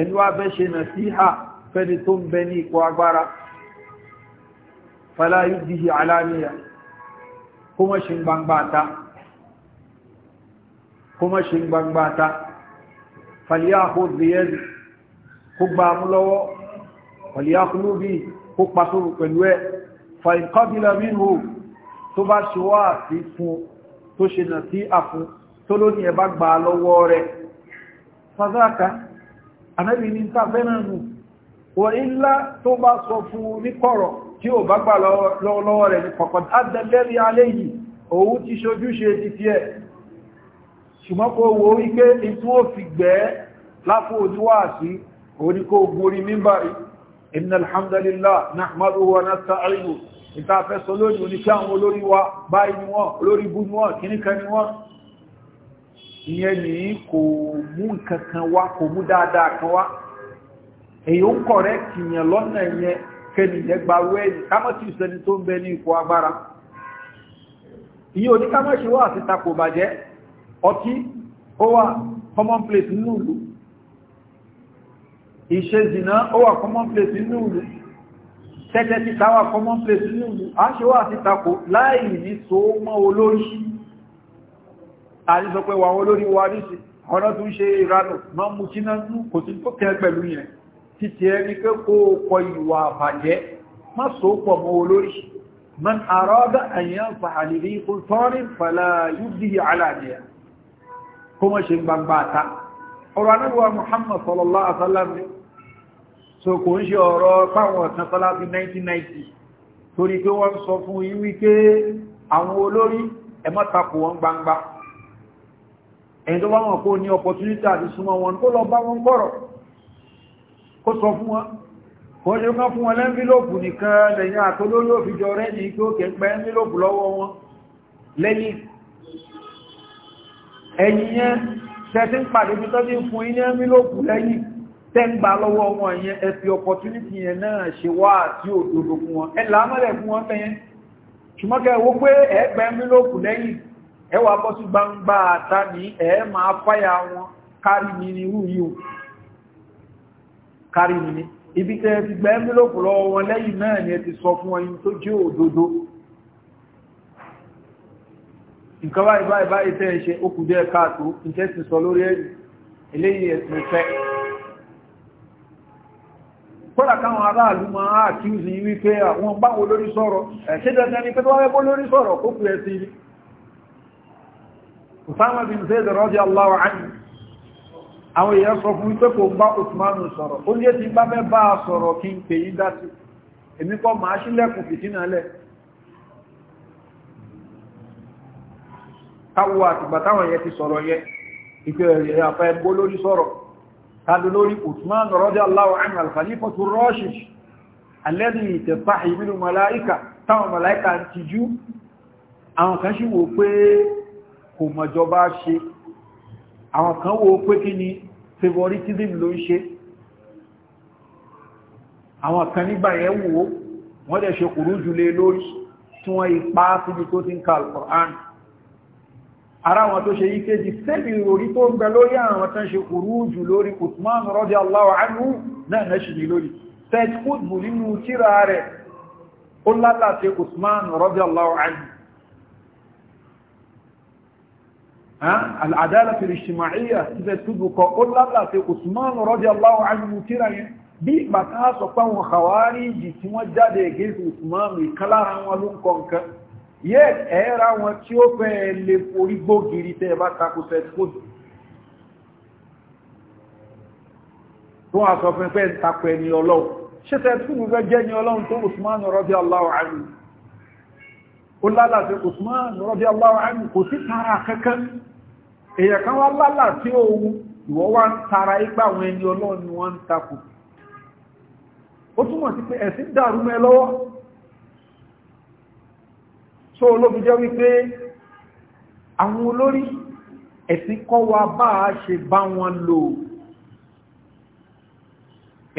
Speaker 1: ẹni wá bẹ́ ṣe nà sí ha fẹ́ni tó ń bẹ ní ipò agbára fala yìí ala niya kuma shi gbangbata kó mọ́ ṣe gbangba ta fàlíyàkó bèèrè kó gba mú lọ́wọ́ fàlíyàkó lóbi kó pàtòrò pẹ̀lú ẹ fàìkọ́bílà mínú tó bá ṣe wá àti fún tó ṣe nà sí àfún tó lóní ẹ bá gba lọ́wọ́ rẹ̀ fàzáàkà anábì ní tàbẹ́ náà nù ilá tó bá sọ fún ní kọ̀rọ̀ tí ò bá gbà lọ́wọ́ rẹ̀ ní kọ̀kọ̀ ṣùgbọ́n kó wo wípé ìtú ó fi gbẹ́ láfó ojúwà sí oríkó gorí mímbàrí inna alhamdulillah nahmadu wa nasta'inu ìta fẹ́sọ lórí oníṣẹ́ àwọn olórí wa báyìí ni wọ́n olórí bú ni wọ́n kìníkan ni wọ́n ìyẹn ni kò mú nǹkan wá kò mú dáadáa kan wá èyí ń kọ̀rẹ́ kìyàn lọ́nà ìyẹn kẹnìyàn gba wẹ́ẹ̀lì kámọ́tì ìsẹni tó ń bẹ ní ipò agbára ìyẹn oníkámọ́ṣe wà sí takò bàjẹ́ ọtí ó wà common place nínú ìlú ìṣe zìnà ó wà common place nínú ìlú tẹ́tẹ́ títa wà common place nínú ìlú a ṣe wà títa kò láì ní so mọ́ olórí àrísọpẹ́ wà olórí wa rí sí ọ̀nà tó ń ṣe ìranù ma mú kí náà nú kò tí tó kẹ́ pẹ̀lú yẹn títí ẹni pé kó kọ ìwà àbàjẹ́ má so pọ̀ mọ́ olórí man àrọ́dá àyàn fàhàlìrí kò tọ́rin fàlà yúdí àlàdìyà kó mọ́ ṣe gbangba ta ọ̀rọ̀ anábíwá muhammad sallallahu alaihi wasallam so kò ń ṣe ọ̀rọ̀ páwọn ọ̀tán sọ́lábí 1990 torí pé wọ́n sọ fún yí wípé àwọn olórí ẹmọ́tàkù wọn gbangba ẹ̀yìn tó bá wọn kó ní opportunity àti súnmọ́ wọn kó lọ bá wọn gbọ́rọ̀ kó sọ fún wọn kó ṣe kán fún wọn lẹ́ńfílòpù nìkan lẹ́yìn àtolórí òfìjọ ní kí ó kẹ́ pẹ́ ẹ́ńfílòpù lọ́wọ́ wọn lẹ́yìn ẹ̀yìn yẹn tẹ́tí ń pàdé bí tọ́jú fún iná mi ló kù lẹ́yìn tẹ́ lọ́wọ́ wọn yẹn ẹ fi opportunity yẹn náà ṣe wá àti òdodo fún wọn ẹ làámọ́lẹ̀ fún wọn tẹ́yẹn ṣùgbọ́n kẹ́ wo pé ẹgbẹ́ mi ló kù lẹ́yìn ẹ wà bọ́ sí gbangba àta ní ẹ máa fáyà wọn kárí mi ní irú yìí o kárí mi ní ibi tẹ́ ti gbẹ́ mi ló kù lọ́wọ́ wọn lẹ́yìn náà ni ẹ ti sọ fún wọn tó jẹ́ òdodo nǹkan báyìí báyìí báyìí tẹ́ ẹ̀ ṣe ó kù díẹ̀ káàtó nǹkan sì sọ lórí ẹ̀rì eléyìí ẹ̀sìn ìfẹ́ kódà káwọn aráàlú máa àkíyèsí yìí wípé àwọn báwo lórí ni tó wáyé bó lórí sọ̀rọ̀ bin a sọ̀rọ̀ ki n káwọ àtìgbà táwọn yẹn ti sọ̀rọ̀ yẹ ìpè àfẹ́ bó lórí sọ̀rọ̀ tàbí lórí Uthman radiyallahu anhu al-Khalifatu Rashid alẹ́dì ìtẹ̀fà ìbínú mọ̀láíkà táwọn mọ̀láíkà ń ti jú àwọn kan sì wò pé kò mọ̀jọba ṣe àwọn kan wò pé kí ni favoritism ló ń ṣe àwọn kan nígbà yẹn wò wọ́n dẹ̀ ṣe kùrú jùlé lórí tí wọ́n ipá síbi tó ti ń ka al ara wọn tó ṣe yí kéjì sẹ́bì orí tó ń bẹ lórí àwọn tán ṣe kùrújù lórí Uthman radiyallahu anhu náà náà ṣe ní lórí ted kudbu nínú tíra rẹ̀ ó lálàtí Uthman radiyallahu anhu al'adala fi ìṣìmáyíyà tí ted kudbu kọ ó lálàtí Uthman radiyallahu anhu tíra yẹn bí ìgbà ká sọ pé àwọn khawariji tí wọ́n jáde gẹ́gẹ́ Uthman ìkálára wọn ló ń kọ̀ọ̀kan yẹ ẹ̀ẹ́ra wọn tí ó fẹ́ lè forí gbógiri tẹ́ bá takò tẹ́síkòtì tó wà sọ fún ẹgbẹ́ takò ẹni ọlọ́run ṣe tẹ́síkòtì fẹ́ jẹ́ ni ọlọ́run tó usman rọ́bí aláwọ̀ àrùn ó lálàtí usman rọ́bí aláwọ̀ kò sí tara kẹ́kẹ́ èèyàn kan wá lálàtí ohun ìwọ́ wá ń so olóbi jẹ́ wípé àwọn olórí ẹ̀sìn kọ́ wa bá a ṣe bá wọn lò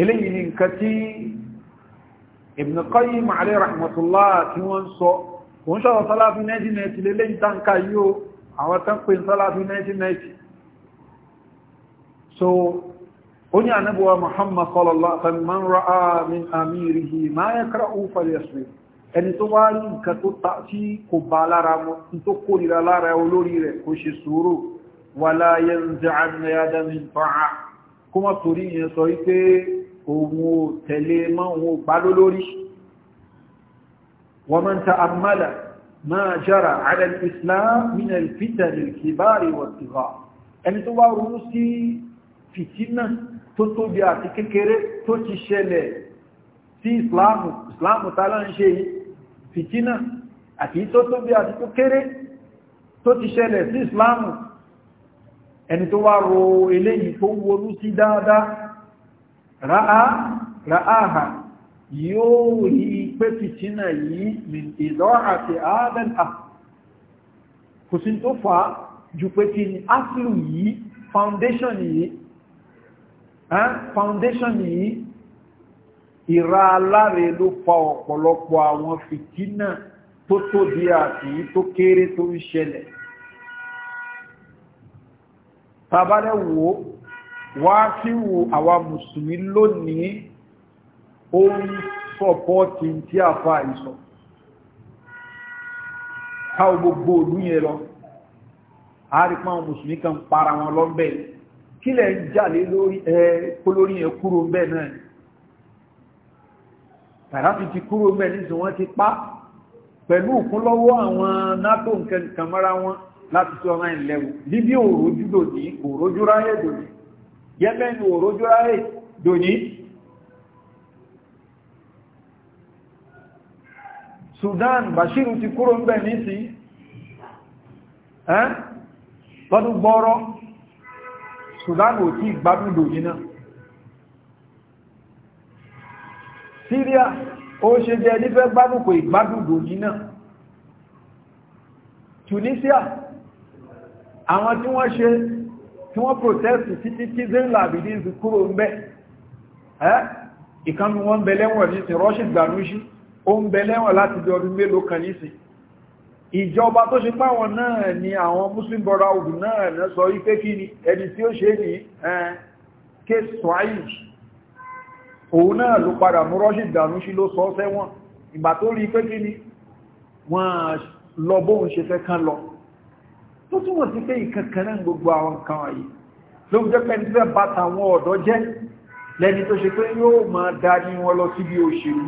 Speaker 1: eléyìí ni nǹkan tí Ibn Qayyim alayhi rahmatullah tí wọ́n sọ òun sọ̀rọ̀ sálàfí 1990 lè lẹ́yìn tánkà yíò àwọn tán pè ní sálàfí 1990 so ó ní ànábọ̀wà Muhammad sallallahu alaihi wasallam man ra'a min amirihi ma yakra'u falyasbir ẹni tó wá ní nǹkan tó ta tí kò bá lára mọ́ tó kórìíra lára olórí rẹ̀ kò ṣe sùúrù wà láyé ń jẹ́ àmìyàdámi fàá kó mọ́ torí yẹn sọ wípé òun ò tẹ̀lé e mọ́ òun gbá lólórí wọ́n mọ́ ta àmàlà máa jára àrẹ islam ti ṣẹlẹ̀ sí islam islam ń ṣe yìí fìtínà àti tó tó bí àti tó kéré tó ti ṣẹlẹ̀ sí islamu ẹni tó wá ro eléyìí tó wọlú sí dáadáa ra'a ra'aha yóò rí pé fìtínà yìí min ìdọ́ àti àádẹ́lá kò sí tó fà á ju pé kí ni áṣìlù yìí foundation yìí ìra aláre ló fa ọ̀pọ̀lọpọ̀ àwọn fìtínà tó tóbi àti tó kéré tó ń ṣẹlẹ̀ tabalẹ̀ wo wá kí wo àwa mùsùlùmí lónìí ó ń sọ̀pọ̀tì tí a fa ìsọ̀ káwọ gbogbo òlú yẹn lọ àárípa àwọn mùsùlùmí kan para wọn lọ́bẹ̀ kílẹ̀ ń jà lórí ẹ kúrò bẹ́ẹ̀ náà Kàdáfì ti kúrò mẹ́rin tí wọ́n ti pa pẹ̀lú òkúnlọ́wọ́ àwọn NATO nǹkan mọ́ra wọn láti 2011 Libya òrojú dòní òrojú ráyè dòní Yemen òrojú ráyè dòní Sudan Bashiru ti kúrò ń bẹ̀ ní sí lọ́dún gbọ́rọ̀ Sudan ò tí gbádùn dòní náà Syria ó ṣe jẹ́ nífẹ́ gbádùnkò ìgbádùndò yìí náà Tunisia àwọn tí wọ́n ṣe tí wọ́n protest títí tí zéńlá àbìdí ti kúrò ń bẹ́ ìkanu wọn ń bẹ lẹ́wọ̀n nísìn Rashid Ghanouchi ó ń bẹ lẹ́wọ̀n láti bí ọdún mélòó kan nísìn ìjọba tó ṣe páwọn náà ni àwọn Muslim Brotherhood náà sọ wípé kí ni ẹni tí ó ṣe ní kéèsì òun náà ló padà mú rọ́ṣì dànù sí ló sọ sẹ́wọ̀n ìgbà tó rí pé kí ni wọ́n lọ bóun ṣe fẹ́ kán lọ tó túnmọ̀ sí pé ìkankan náà gbogbo àwọn kan wáyé ló ń jẹ́ pé ní fẹ́ bá tàwọn ọ̀dọ́ jẹ́ lẹ́ni tó ṣe pé yóò máa darí wọn lọ síbi òṣèlú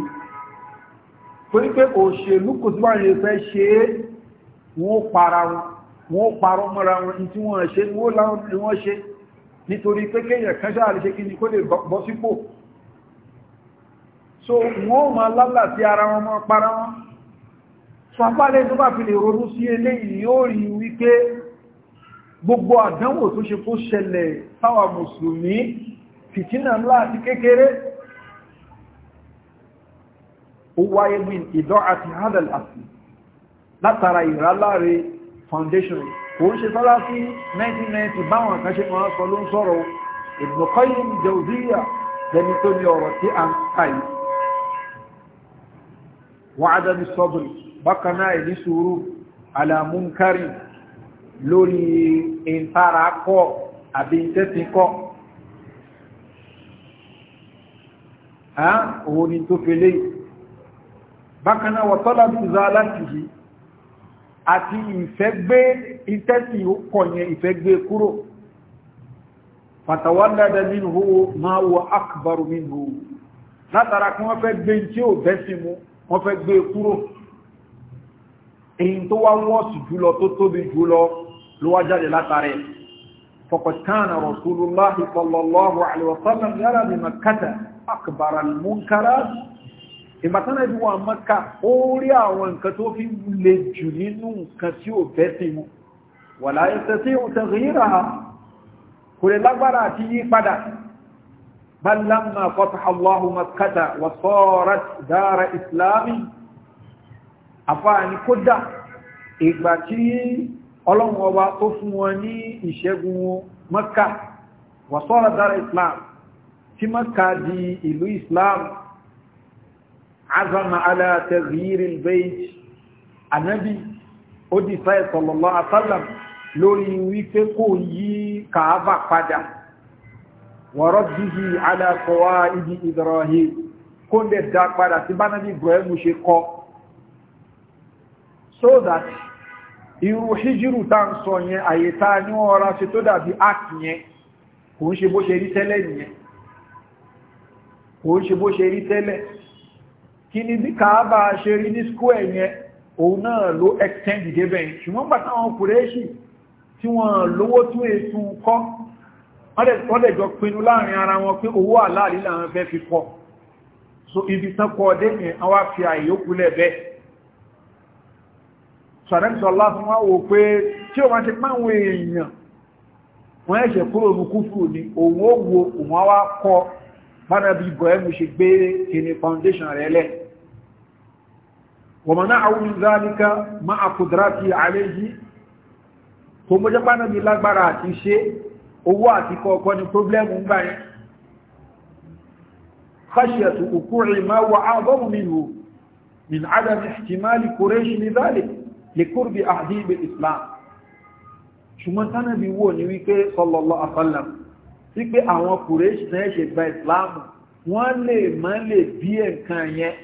Speaker 1: torí pé òṣèlú kò tí lè fẹ́ ṣe é wọ́n para wọn wọ́n parọ́ mọ́ra wọn ní tí wọ́n ṣe ni wọ́n ṣe nítorí pé kéèyàn kan ṣáà lè ṣe kí ni kó lè bọ́ sípò so wọ́n ma lálà sí ara wọn mọ́ para wọn so apálẹ́ tó bá fi lè ronú sí eléyìí yóò rí wípé gbogbo àdánwò tó ṣe kó ṣẹlẹ̀ sáwà mùsùlùmí fìtínà ńlá àti kékeré ó wáyé bí ìdọ́ àti hadal àti látara ìráláre foundation kò ń ṣe sọ́lá sí 1990 báwọn kan ṣe sọ ló ń sọ̀rọ̀ ìgbọ̀kọ́yìn jẹ́ òdíyà lẹ́ni tó ní ọ̀rọ̀ tí a ń kà yìí وعدم الصبر بقنا إلي على منكر لوري انتراكو أبنتتكو ها هو نتفلي بقنا وطلب إزالته àti ìfẹ́gbé ìtẹ́sì kọ̀nyẹ ìfẹ́gbé kúrò fàtàwádàdà nínú ma wọ akbaru minhu látara kí wọ́n fẹ́ gbé tí ó wọ́n fẹ́ gbé e kúrò èyí tó wá wọ́n sì jùlọ tó tóbi jùlọ ló wá jáde látàrí fọkàtánà rasulullahi sallallahu alaihi wasallam yára bí makata akbara munkara ìgbàtánà ibi wọn maka ó rí àwọn nǹkan بل لما فتح الله مكة وصارت دار إسلام أفاني كدا إغباتي ọlọ́run ọba tó fún wọn ní ìṣẹ́gun mọ́ká wàsọ́rọ̀ dára islam tí mọ́ká di ìlú islam azama alátẹ̀rìírí bẹ́ẹ̀jì anábi ó dìsáì sọ̀lọ̀lọ́ asálàm lórí wípé kò yí kàábà padà wọ̀rọ̀dìhì alákọ̀wà ibi ìdọ̀rọ̀hì kó ń dẹ̀ dá padà sí bá náà ibrahim ṣe kọ́ so that irú hijiru tá ń sọ yẹn àyètá ní wọ́n ra ṣe tó dàbí act yẹn kò ń ṣe bó ṣe rí tẹ́lẹ̀ yẹn kò ń ṣe bó ṣe rí tẹ́lẹ̀ kí ni bí kàábà ṣe rí ní square yẹn òun náà ló extend débẹ̀ ṣùgbọ́n gbàtàwọn kùrẹ́ṣì tí wọ́n lówó tún ètò kọ́ wọ́n dẹ̀ jọ pinnu láàrin ara wọn pé owó àláàrí láwọn fẹ́ fi kọ́ so ibi tán kọ́ ọdé ní àwọn fi àyíkúlẹ̀ bẹ́ sọ̀rẹ́sọ̀lá fún wọ́n wò pé tí o máa ṣe páwọn èèyàn wọ́n ẹ̀ṣẹ̀ kúrò ní kúfù ní owó wo òun wá kọ́ mánàbí foundation rẹ̀ lẹ̀ wọ̀mọ̀ náà àwọn ìzáníká máa kùdírá ti àlejì tó mọ́jẹ́ owó àti kọ̀ọ̀kọ́ ni pọ́blẹ́mù ń báyẹn khashiyatu ukuri ma wa a'zamu minhu min adam ihtimali quraish li dhalik li qurbi ahdi bil islam ṣùgbọ́n tánà bí wò ní wípé sallallahu alaihi wasallam wípé àwọn quraish náà ṣe gba islam wọ́n lè mọ́ lè bí ẹ̀kan yẹn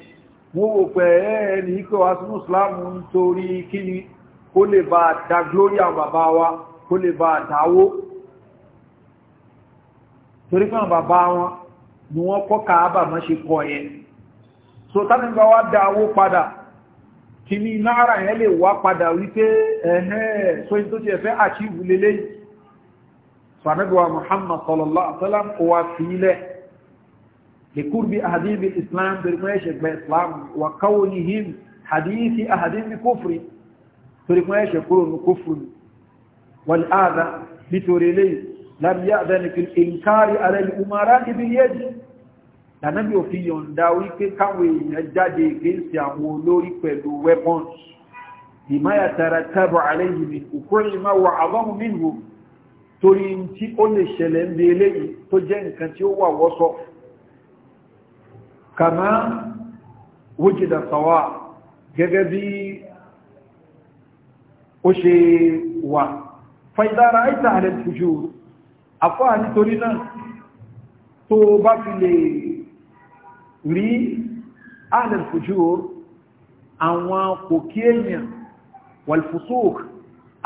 Speaker 1: torí pé àwọn bàbá wọn ni wọ́n kọ́ kàábà má ṣe kọ́ yẹn so tánàbà wá dá owó padà kí ní náírà yẹn lè wá padà wípé ẹ̀hẹ́ so in tó ti ẹ̀fẹ́ àchíwù lélẹ́ sànàbíwá muhammad sallallahu alaihi wasallam kò wá sílẹ̀ lè kúrbi àhàdìmí islam torí nítorí eléyìí lam ya'dhan fil inkari ala al umara bil yad danabi o fi yọ̀ǹda wí pé kawe èyàn jáde against àwọn olórí pẹ̀lú weapons bima yataratabu alayhi min ukuri ma wa azamu minhu torí nti ó lè ṣẹlẹ̀ nbe eléyìí tó jẹ́ nǹkan tí ó woso kama wujida sawa gẹ́gẹ́ bí ó ṣe wà fa idara aita ala al fujur àfáà nítorí náà tó bá fi lè rí alẹ́fùjúr àwọn kòkí èèyàn wàlfùsùk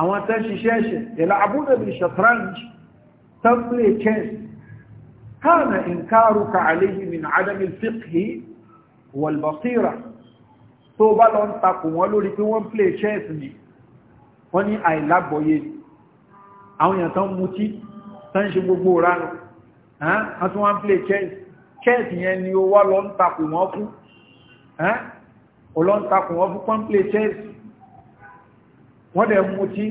Speaker 1: àwọn tẹ́ ṣiṣẹ́ ẹ̀ṣẹ̀ ìlà abúdàbí shatranj tẹ́sílẹ̀ chess kánà ìǹkárùka àléyìn min adamil fiqhi wàlbàsíra tó bá lọ ń takò wọn lórí pé wọ́n play chess ni wọ́n ní àìlágbọ̀yé àwọn èèyàn tán mutí tán ṣe gbogbo ránù a tún wọ́n play chess yẹn ni ó wá lọ ń takù wọ́n fún ó lọ ń takù wọ́n fún pọ́n play chess wọ́n dẹ̀ mú tí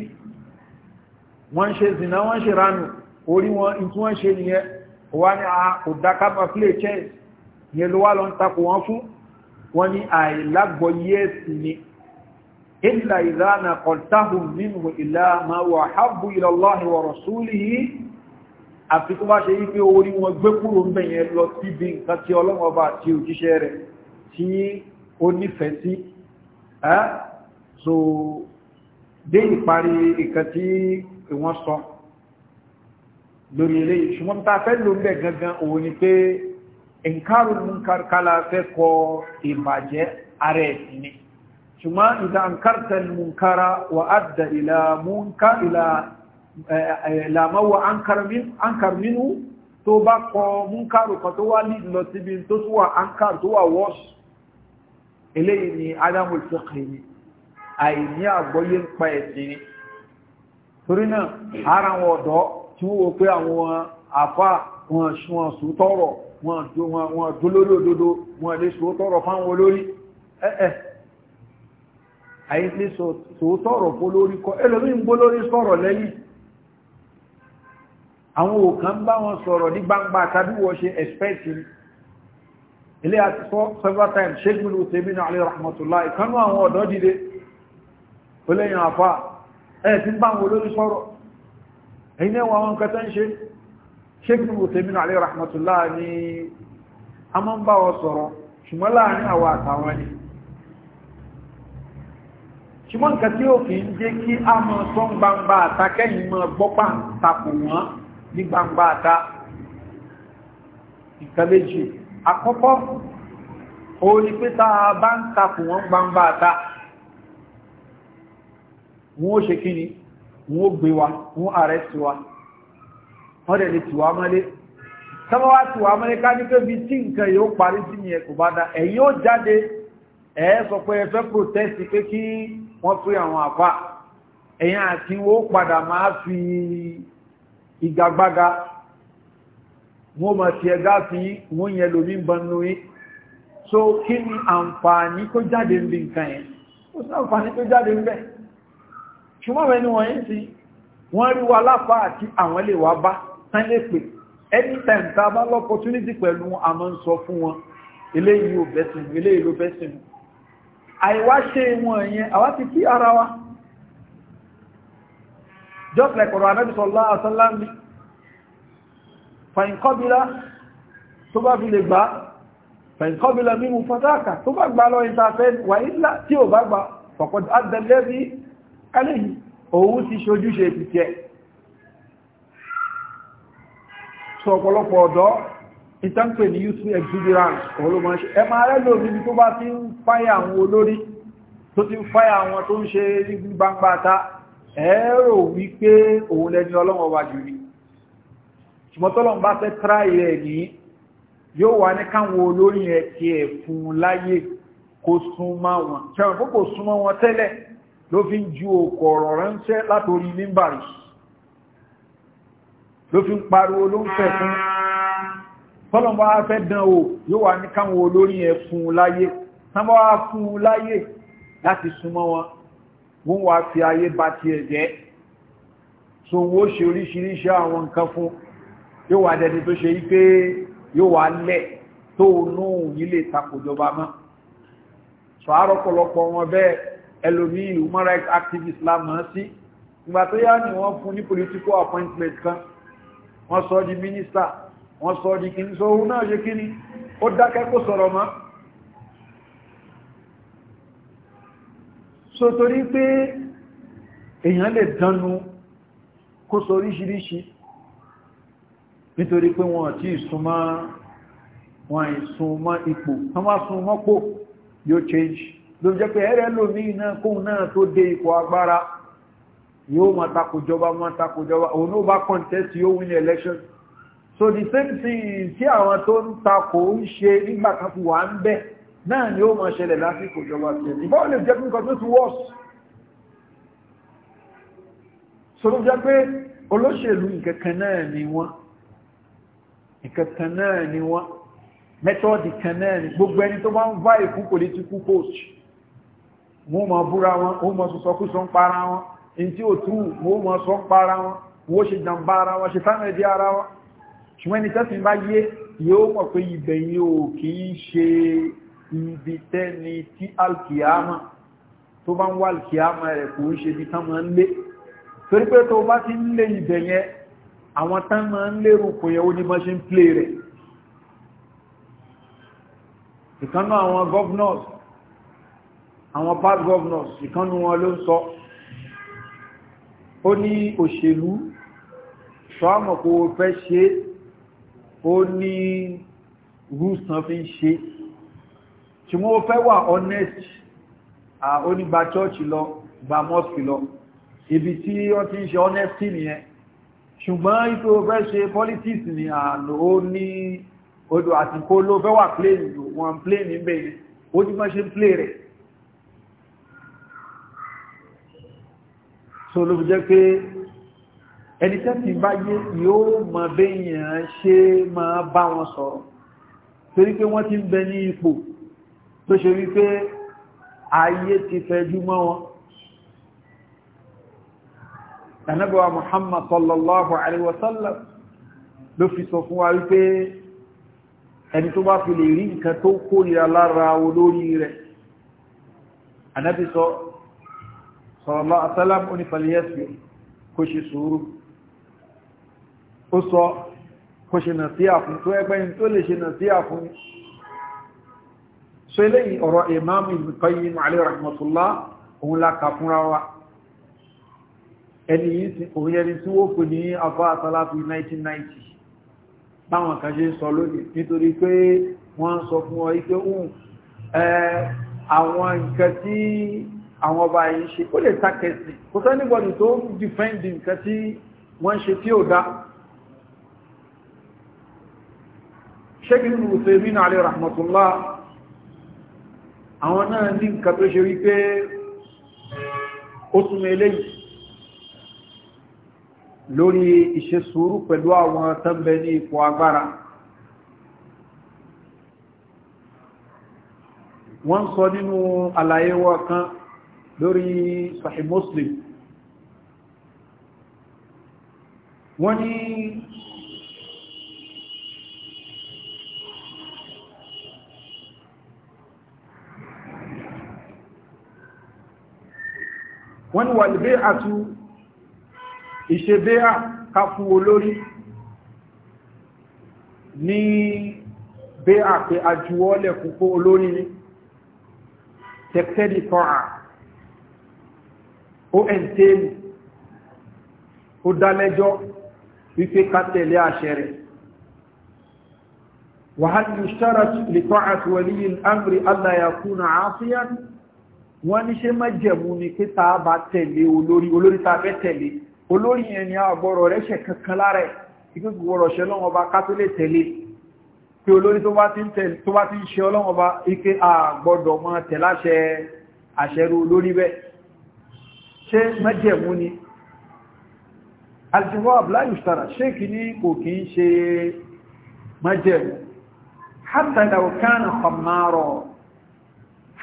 Speaker 1: wọ́n ṣe zìnà wọ́n ṣe ránù orí wọn ìtú wọ́n ṣe nìyẹn wá ní a kò dákàbà play chess yẹn ló wá lọ ń takù wọ́n fún wọ́n ní àìlágbọ̀ yẹ́sì ni إلا إذا نقلتهم منه إلا ما هو أحب إلى الله ورسوله àfi tó bá ṣe yí pé orí wọn gbé kúrò ń bẹ̀yẹn lọ síbi nǹkan tí ọlọ́wọ́ bá ti òjíṣẹ́ rẹ̀ tí ó nífẹ̀ẹ́ sí so dé ìparí nǹkan tí wọ́n sọ lórí ilé ṣùgbọ́n ta fẹ́ ló ń bẹ̀ gangan òun ni pé nǹkarùn ún kárkálá fẹ́ kọ ìbàjẹ́ ara ẹ̀sìn ni ṣùgbọ́n ìdá nǹkartẹ̀ nǹkara wà á dà ìlà múnkà ìlà làmọ́wọ́ ankar mínú tó bá kọ múnkàrù kan tó wá ní lọ síbi tó tó wà ankar tó wà wọ́ọ̀sì eléyìí ni adamu ìfẹ́kì ni àìní àgbọ́yé ń pa ẹ̀sìn ni torí náà ara wọn ọ̀dọ́ tí wọ́n wò pé àwọn àfá wọn ṣùwọ̀n sòótọ́rọ̀ wọn dólórí òdodo wọn lè sòótọ́rọ̀ fáwọn olórí ẹ̀ẹ́ àìsí sòótọ́rọ̀ fólórí kọ ẹlòmí ń gbólórí sọ̀rọ̀ lẹ́yìn àwọn òkàn bá wọn sọ̀rọ̀ ní gbangba tàbí wọ́n ṣe expect ilé àti sọ several times ṣégbìn òtèmínà alẹ́ rahmatullah ìkanú àwọn ọ̀dọ́ dìde ó lẹ́yìn àfá ẹ̀ tí ń bá wọn olórí sọ̀rọ̀ ẹ̀yìn ẹwà wọn kẹta ń ṣe ṣégbìn òtèmínà alẹ́ rahmatullah ni a máa ń bá wọn sọ̀rọ̀ ṣùgbọ́n láàrin àwọn àtàwọn ẹni tí ó fi ń jẹ́ kí a máa sọ gbangba àtàkẹ́yìn máa gbọ́pà takò ní gbangba àta nǹkan méjì àkọ́kọ́ wọn ni bá ń takò wọ́n gbangba àta wọ́n ó ṣe kíni wọ́n ó gbé wa wọ́n àrẹ́sì wa wọ́n dẹ̀ lè tìwá mọ́lé wá mọ́lé ni bá dá ó jáde ẹ̀ kí wọ́n àwọn ìgbàgbága wọ́n ma ti ẹgá fi wọ́n yẹ lómi bọnú yí so kí ni àǹfààní kó jáde ń bí nǹkan yẹn ó sí àǹfààní tó jáde ń bẹ̀ ṣùgbọ́n mẹ́ni wọ́n yí sí wọ́n rí wa láfá àti àwọn lè wá bá tán lè pè anytime tá a bá lọ́pọ̀túnítì pẹ̀lú àmọ́ ń sọ fún wọn eléyìí ò bẹ́sìn eléyìí ló bẹ́sìn àìwá ṣe wọn yẹn àwa ti kí ara wa just like ọ̀rọ̀ anábì sallallahu alaihi wasallam ní fàyínkọ́bílá tó bá fi lè gbá fàyínkọ́bílá mímú fọ́táàkà tó bá gbá lọ ìtafẹ́ wà ílá tí ò bá gbá fọ̀kọ̀dá adẹ́lẹ́bí aléyìí òun ti ṣojúṣe títí ẹ̀ sọ ọ̀pọ̀lọpọ̀ ọ̀dọ́ ìtànpẹ̀ ní youth exuberance olómọ́ṣe ẹ máa rẹ́ lórí ibi tó bá ti ẹ̀rọ wípé òun lẹ́ni ọlọ́wọ́ wa jù ní ṣùgbọ́tọ́lọ́n bá fẹ́ tráì ẹ̀ ní yóò wà ní káwọn olórí ẹ̀ ti ẹ̀ fún láyé kó súnmọ́ wọn ṣẹ̀wọ̀n fún kò súnmọ́ wọn tẹ́lẹ̀ ló fi ń ju òkò ọ̀rọ̀ ránṣẹ́ látorí mímbàrí ló fi ń pariwo ló ń fẹ́ fún tọ́lọ́n bá dán o yóò wà ní káwọn olórí ẹ̀ fún láyé táwọn wá láyé láti súnmọ́ wọn wọ́n wá fi ayé bá ti ẹ̀jẹ́ so wọ́n ṣe oríṣiríṣi àwọn nǹkan fún yóò wá dẹni tó ṣe wípé yóò wá lẹ̀ tó nú yìí lè takòjọba mọ́ sọ àrọ́pọ̀lọpọ̀ wọn bẹ́ẹ̀ ẹlòmíì human rights activist la mọ̀ sí ìgbà tó yá ni wọ́n fún ní political appointment kan wọ́n sọ di minister wọ́n sọ di kíní so òun náà ṣe kíní ó dákẹ́ kó sọ̀rọ̀ mọ́ so torí pé èèyàn lè dánú kó sọ oríṣiríṣi nítorí pé wọn àti ìsúnmọ́ wọn ìsúnmọ́ ipò wọ́n má súnmọ́ pò yóò change ló jẹ́ pé ẹ̀rẹ́ lò ní iná kóhun náà tó dé ipò agbára yóò máa takòjọba máa takòjọba òun ló bá contest yóò win election so the same thing tí àwọn tó ń takò ń ṣe nígbà fi wà ń bẹ́ẹ̀ náà ni ó máa ṣẹlẹ̀ lásìkò ìjọba ti ẹ̀ ìbọn lè jẹ́ nǹkan tó ti wọ́s so ló jẹ́ pé olóṣèlú ìkẹ̀kẹ̀ náà ni wọ́n ìkẹ̀kẹ̀ náà ni wọ́n mẹ́tọ́ọ̀dì kan náà ni gbogbo ẹni tó bá ń bá ìkú political post wọ́n máa búra wọn ó máa sọ́kú sọ ń para wọn in tí ó tún wọ́n máa sọ ń para wọn wọ́n ṣe jàmbá ara wọn ṣe fánà ara wọn ṣùgbọ́n ẹni tẹ́sìn bá yé yóò mọ̀ pé ibẹ̀ ò kìí ṣe ibi tẹ́ni tí alkiyama tó bá ń wá alkiyama rẹ̀ kò ń ṣe bí tán máa ń lé torí pé tó bá ti ń lé ibẹ̀ yẹn àwọn tán máa ń lérò kò yẹ onímọ̀ ṣe ń plé rẹ̀ ìkanú àwọn governors àwọn past governors ìkanú wọn ló ń sọ ó ní òṣèlú sọ́mọ̀ kò fẹ́ ṣe ó ní rúùsàn fi ń ṣe tí wọ́n fẹ́ wà honest onígbà chọ́ọ̀chì lọ gba mọ́sì lọ ibi tí wọ́n ti ń ṣe honesty nìyẹn ṣùgbọ́n ipò fẹ́ ṣe politics ni àná ó ní odò àti kó ló fẹ́ wà plane lò wọn plane níbẹ̀ ni ó ní mọ́ ṣe ń play rẹ̀ so ló fi jẹ́ pé ẹni tẹ́sí bá yé yóò mọ béèyàn ṣe máa bá wọn sọ̀rọ̀ torí pé wọ́n ti ń bẹ ní ipò tó ṣe wípé ayé ti fẹjú mọ́ wọn ẹ̀nẹ́bọ̀wà Muhammad sallallahu alaihi wasallam ló fi sọ fún wa wípé ẹni tó bá fi lè rí nǹkan tó kórìíra lára olórí rẹ̀ ẹ̀nẹ́bí sọ sallallahu onífàlẹ́yẹsì kó ṣe sùúrù ó sọ kó ṣe nà sí àfún tó ẹgbẹ́ tó lè ṣe nà sí àfún so eléyìí ọ̀rọ̀ imam Ibn Qayyim alayhi rahmatullah òun la kà fúnra wa ẹni yìí tí wó kò ní afọ́ àtàlápù 1990 báwọn kan ṣe ń sọ lónìí nítorí pé wọ́n ń sọ fún ọ ipé òun àwọn nǹkan tí àwọn ọba yìí ṣe ó lè takẹ̀sì kò sẹ́nìbọ̀dì tó ń nǹkan tí wọ́n ṣe tí ó dá ṣékìlì mùsùlùmí náà alayhi àwọn náà ní nǹkan tó ṣe wípé ó túnmọ̀ eléyìí lórí ìṣe sùúrù pẹ̀lú àwọn tánbẹ̀ ní ipò agbára wọ́n sọ nínú àlàyé wọ́n kan lórí sahih muslim wọ́n ní wọ́n ni wà lè bẹ́ àtú ìṣe bẹ́ à ká fún olórí ní bẹ́ à pé ajúwọ́lẹ̀ púpọ̀ olórí ní tẹ̀tẹ́dì tọ́ra ó ẹ̀ntẹ́lù ó dámẹ́jọ́ wípé ká tẹ̀lé àṣẹ rẹ̀ وهل يشترط لطاعة ولي الأمر ألا يكون عاصيا wọ́n ní ṣe mẹ́jẹ̀mú ni pé tá a bá tẹ̀lé olórí olórí tá a fẹ́ tẹ̀lé olórí yẹn ni àgbọ̀rọ̀ rẹ̀ ṣẹ̀ kankan lára ẹ̀ ikú gbọ́rọ̀ ṣe lọ́wọ́ ọba ká tó lè tẹ̀lé pé olórí tó bá ti ń ṣe ọlọ́wọ́ ọba ike àgbọ̀dọ̀ mọ́ tẹ̀láṣẹ àṣẹrú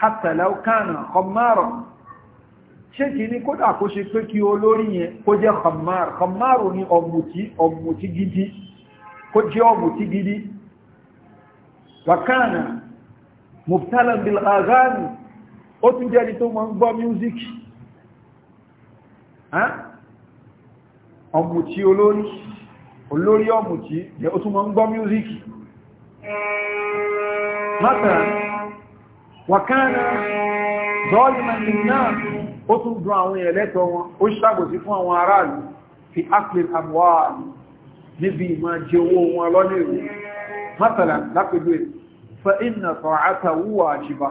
Speaker 1: hatta law kana khammara ṣé kì ní kódà kó ṣe pé kí olórí yẹn kó jẹ́ khammar khammar ní ọ̀mùtí ọ̀mùtí gidi kó jẹ́ ọ̀mùtí gidi wa kana mubtala bil aghani ó tún jẹ́ ni tó máa ń gbọ́ music ọ̀mùtí olórí olórí ọ̀mùtí jẹ́ ó tún máa ń gbọ́ music
Speaker 2: mátàrán
Speaker 1: wàkánà zọ́ọ̀lùmọ̀lì náà ó tún dùn àwọn èèyàn lẹ́tọ̀ wọn ó ṣàbòsí fún àwọn aráàlú fi ápìlì àbúwáàlú níbi ìmọ̀ jẹ owó wọn lọ́nà èrò mọ́tàlá lápẹ̀lú fa iná tọ̀ àtàwúwà àṣìbá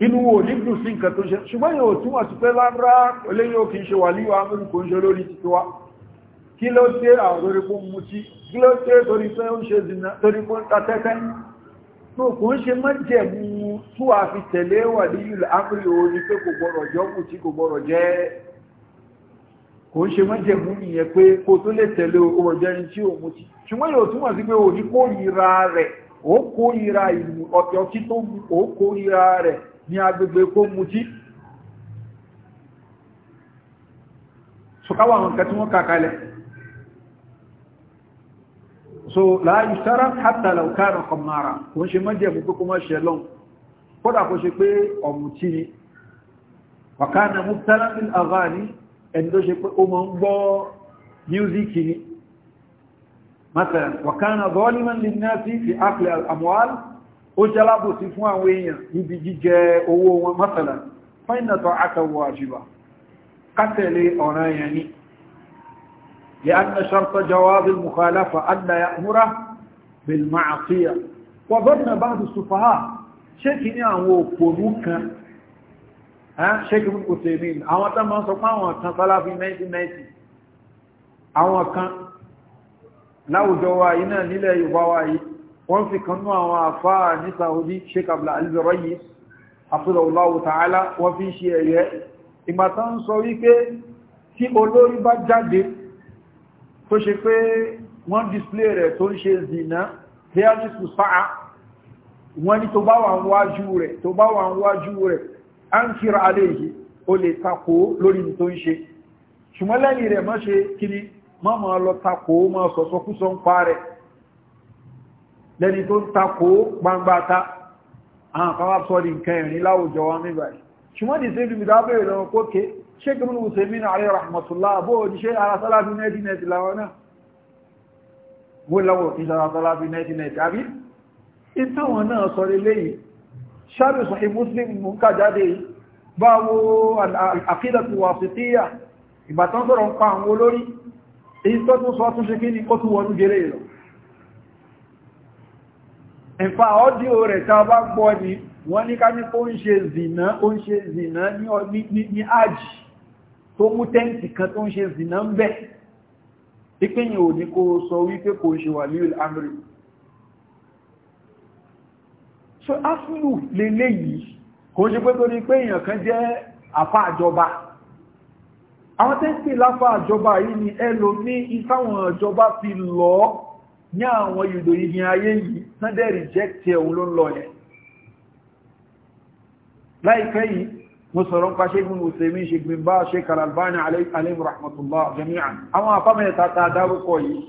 Speaker 1: inú wo ní dùn sí nǹkan tó ṣe ṣùgbọ́n yóò túnmọ̀ sí pé lára eléyìn òkè ṣe wà líwà amẹ́ríkò ń ṣe lórí títí wá kí ló dé àwọn torí pé mú tí kí ló dé torí pé ó ń ṣe zìnà torí pé ń ta tẹ́tẹ́ tó kò ń ṣe mọ́jẹ̀ mú mú tí kò gbọ́rọ̀ tẹ̀lé owó jẹ́ni tí ní agbègbè kó mutí ṣùkáwà àwọn kẹtí wọ́n kàkalẹ̀ so láàáyù sára hatta law kana khamara kò ń ṣe mọ́jẹ̀ mú kókó mọ́ ṣe lọ́n kódà kó ṣe pé ọ̀mùtí ni wa kana mubtalan bil aghani ẹni tó ṣe pé ó mọ́ ń gbọ́ míúzíkì ni مثلا وكان ظالما للناس في أكل الأموال ó jẹ́ lábòsí fún àwọn èèyàn níbi jíjẹ owó wọn mọ́sànà fáìnàtọ̀ àtàwọ̀ àjìbà kátẹ̀lé ọ̀ràn èèyàn ni لأن شرط جواب المخالفة ألا يأمره بالمعصية وظن بعض السفهاء شكني أنه قنوك شك من أسيمين أو تم سقا وكان صلاة في ميت ميت أو كان لو جوائنا نلا يبوائي wọ́n fi kanú àwọn àfáà ní saudi sheik abdullahi rayis afúdàwòláwò tààlá wọ́n fi ṣe ẹ̀yẹ ìgbàtà ń sọ wípé tí olórí bá jáde tó ṣe pé wọ́n display rẹ̀ tó ń ṣe zina bíyájú sùsáà wọ́n ni tó bá wà ń wájú rẹ̀ tó bá wà ń wájú rẹ̀ á ń kíra aléyìí o lè takò lórí tó lẹ́ni tó ń takò gbangbata àwọn àkọwà sọ ní nǹkan ìrìn láwùjọ wa ní ìbàrí ṣùgbọ́n ní sẹ́bí ìdá bẹ̀rẹ̀ lọ kókè ṣe kí mún hussein ààrẹ rahmatullah bó ní ṣe ara sálàbí nẹ́ẹ̀dì nẹ́ẹ̀dì láwọn náà wọ́n láwọ̀ ní ara sálàbí nẹ́ẹ̀dì nẹ́ẹ̀dì àbí ìtàwọn náà sọ lélẹ́yìn ṣáàbì sọ muslim mú ká jáde báwo àkídàtù wàsítíyà ìbátan sọ̀rọ̀ ń pa àwọn olórí lọ ẹ̀fà ọ́díò rẹ̀ tá bá gbọ́ ni wọ́n ní ká ní kó ń ṣe zìnà ó ń ṣe zìnà ní àjì tó mú tẹ́ǹtì kan tó ń ṣe zìnà ń bẹ̀ ìpínyìn ò ní kó sọ wípé kò ṣe wà ní amri so afúlù lélé yìí kò ṣe pé torí pé èèyàn kan jẹ́ àfá àjọba àwọn ni ní àwọn ìlò ìhìn ayé yìí sunday reject ẹ̀hùn ló ń lọ yẹn láìpẹ́ yìí mo sọ̀rọ̀ ń pa ṣe gbùn òsèmí ṣe gbùn bá ṣe karalbani alayhi rahmatullah jami'an àwọn afámẹ́ta ta dárúkọ yìí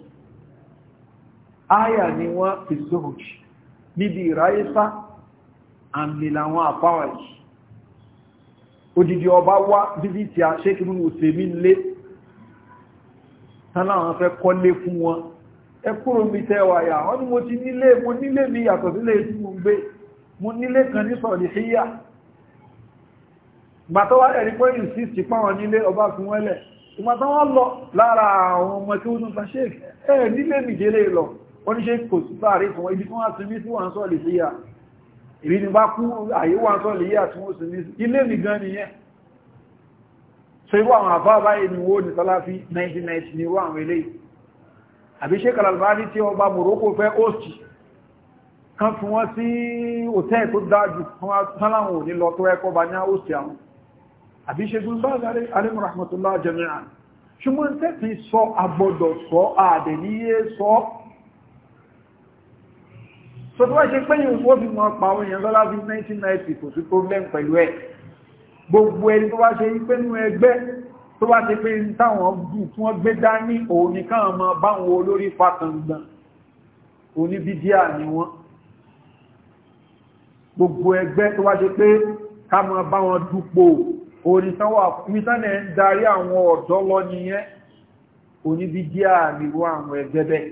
Speaker 1: áyà ni wọ́n fi sóhùjì níbi ìráyésá àmì làwọn kọ́lé fún wọn ẹ kúrò mi tẹ́wàá yà wọ́n ni mo ti nílé mo nílé mi yàtọ̀ sílé tí mo ń gbé mo nílé kan ní sọ̀rọ̀ híyà gbàtọ́ wá ẹ̀rí pé yìí sí ti pàwọn nílé ọba fún wẹ́lẹ̀ ìgbàtọ́ wọ́n lọ lára àwọn ọmọ tí ó tún ta ṣe ẹ̀ nílé mi délé lọ wọ́n ní ṣe kò sí ni bá kú àyè wọ́n sọ̀rọ̀ híyà fi 1990 ni irú àwọn eléyìí àbí Sheikh Al-Albani tí ọba Morocco fẹ́ hosti kan fún wọ́n sí hòtẹ́ tó dájú tánláwọn òní lọ tó ẹkọ́ bá ní hosti àwọn àbí rahmatullah jami'an ṣùgbọ́n tẹ́fì sọ agbọ́dọ̀ sọ ààdẹ̀ níyé sọ so tó wá ṣe pé yìí wó fi mọ́ pa àwọn èèyàn lọ́lá bí 1990 kò sí problem tó bá ti pé táwọn bù tí wọ́n gbé dání òun ní káwọn báwọn olórí pàtàǹgbọ̀n oníbídíà ni wọ́n gbogbo ẹgbẹ́ tó wá ṣe pé ká mọ báwọn dúpò onítánwà mítánẹ̀ ń darí àwọn ọ̀dọ́ lọ nìyẹn oníbídíà ni wọ́n àwọn ẹgbẹ́ bẹ́ẹ̀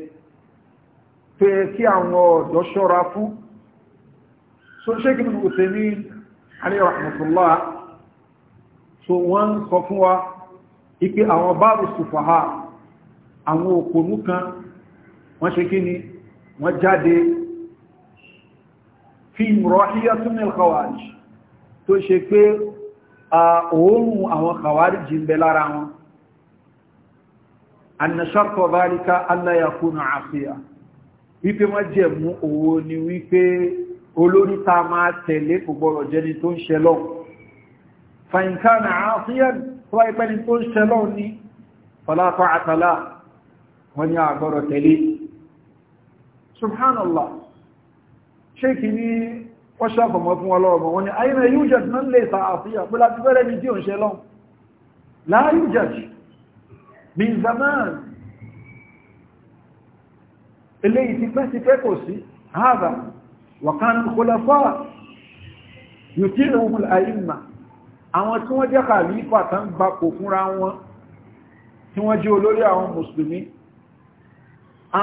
Speaker 1: tó yẹ kí àwọn ọ̀dọ́ ṣọ́ra fún so ṣé kí ni kò tẹ̀mí alẹ́ rahmatullah so wọ́n sọ fún wa ipe àwọn báàrù sùfàhà àwọn òpònú kan wọ́n ṣe kí ni wọ́n jáde fi rọ́híyá túnmìl khawarij tó ṣe pé òórùn àwọn khawarij ń bẹ lára wọn anna sharto zalika alla yakuna wípé wọ́n jẹ́ mú òwò ni wípé olórí ta máa tẹ̀lé kò jẹni tó ń ṣẹlọ́wọ́ فإن كان عاصيا هو يبقى نقول شلوني فلا طاعة له من يعبر لي سبحان الله شيكني وشاف مفهوم الله وني أين يوجد من ليس عاصيا بلا تبالي مديون شلون لا يوجد من زمان اللي يتبسك أكوسي هذا وكان الخلفاء يطيعهم الأئمة àwọn tí wọ́n jẹ́ kàlífà tán gbapò fúnra wọn tí wọ́n jẹ́ olórí àwọn mùsùlùmí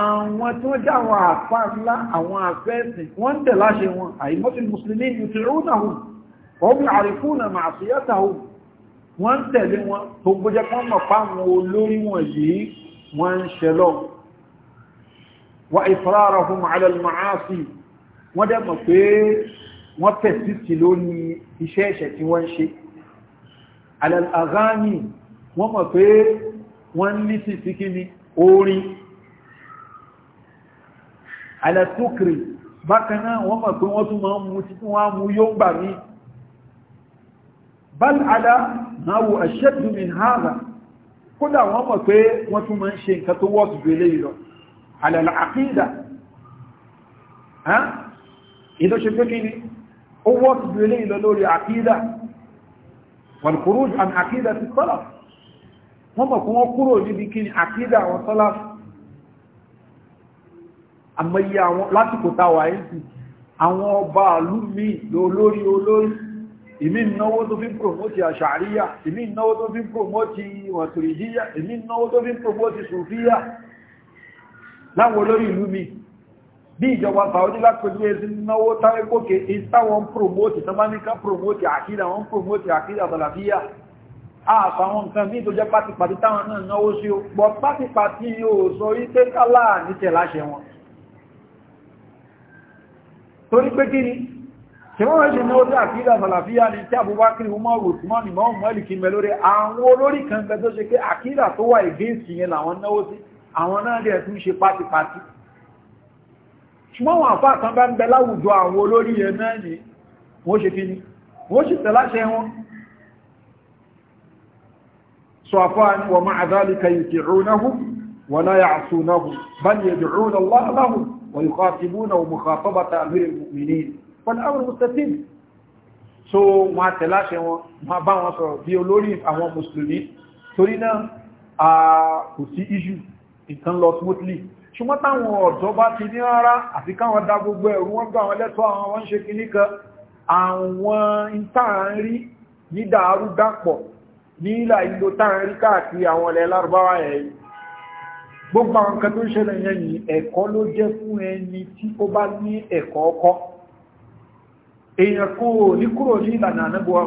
Speaker 1: àwọn tí wọ́n jẹ́ àwọn àpá ńlá àwọn àfẹ́ẹ̀sìn wọ́n tẹ̀ láṣẹ wọn àìmọ́sílì mùsùlùmí yùtìrúnàhùn ọmọ àrífúnà màṣíyàtàhùn wọ́n tẹ̀lé wọn tó gbójẹ́ kan mọ̀ páwọn olórí wọn yìí wọ́n ń ṣe lọ wà iṣẹ́ ẹ̀ṣẹ̀ tí wọ́n ń ṣe alàlàgáàmì wọ́n mọ̀ pé wọ́n ní sí sí kí ni orin alàtúkìrì bákanáà wọ́n mọ̀ pé wọ́n tún máa mú títún wá mú yóò gbà ní bal ala náwó ashaddu min hadha kódà wọ́n mọ̀ pé wọ́n tún máa ń ṣe nǹkan tó wọ́pù gbélé pé kí ni ó wọ́pù gbélé ìlọ lórí àkídà والخروج عن عقيدة السلف هم كون خروج بكين عقيدة والسلف àmọ́ iye àwọn lásìkò táwà ẹ́sì àwọn ọba àlú mi olórí olórí ìmí náwó tó fi ń promoti àṣàríyà ìmí náwó tó fi ń promoti wàtòrìdíyà ìmí náwó fi ń promoti sòfíyà láwọn olórí bí ìjọba saudi lápẹjú ẹsí náwó táwẹ́kókè ìtàwọn promote tàbáníkà promote àkídà wọn promote àkídà tàlàfíà àtàwọn nǹkan bí tó jẹ́ pátipàtí táwọn náà náwó sí ó pọ̀ pátipàtí yóò sọ ipé kálà ní tẹ̀láṣẹ wọn torí pé kí ni ṣe wọ́n rẹ̀ ṣe náwó tí àkídà tàlàfíà ní tí àbúbákiri umaru usman imam mọ́lìkì mẹ́lórí àwọn olórí kan gẹ́gẹ́ tó ṣe pé àkídà tó wà ìgbésì yẹn làwọn náwó sí ṣùgbọ́n wọn àfá kan bá ń bẹ láwùjọ àwọn olórí ẹ náà ni wọ́n ṣe kí ni wọ́n ṣe tẹ̀láṣẹ wọn sọ àfá ni wọ́n máa dhalika yuti'unahu wa la ya'sunahu bal yad'una Allah lahu wa yukhatibunahu wọ́n tẹ̀láṣẹ ṣùgbọ́n táwọn ọ̀dọ́ bá ti ní rárá àfi káwọn dá gbogbo ẹ̀rù wọ́n gbà wọn lẹ́tọ́ àwọn wọ́n ṣe kì níkan àwọn ìtààrí ní dàárú dápọ̀ ní ìlà ìlò tààrí káàkiri àwọn ilẹ̀ lárúbáwá ẹ̀yí gbogbo àwọn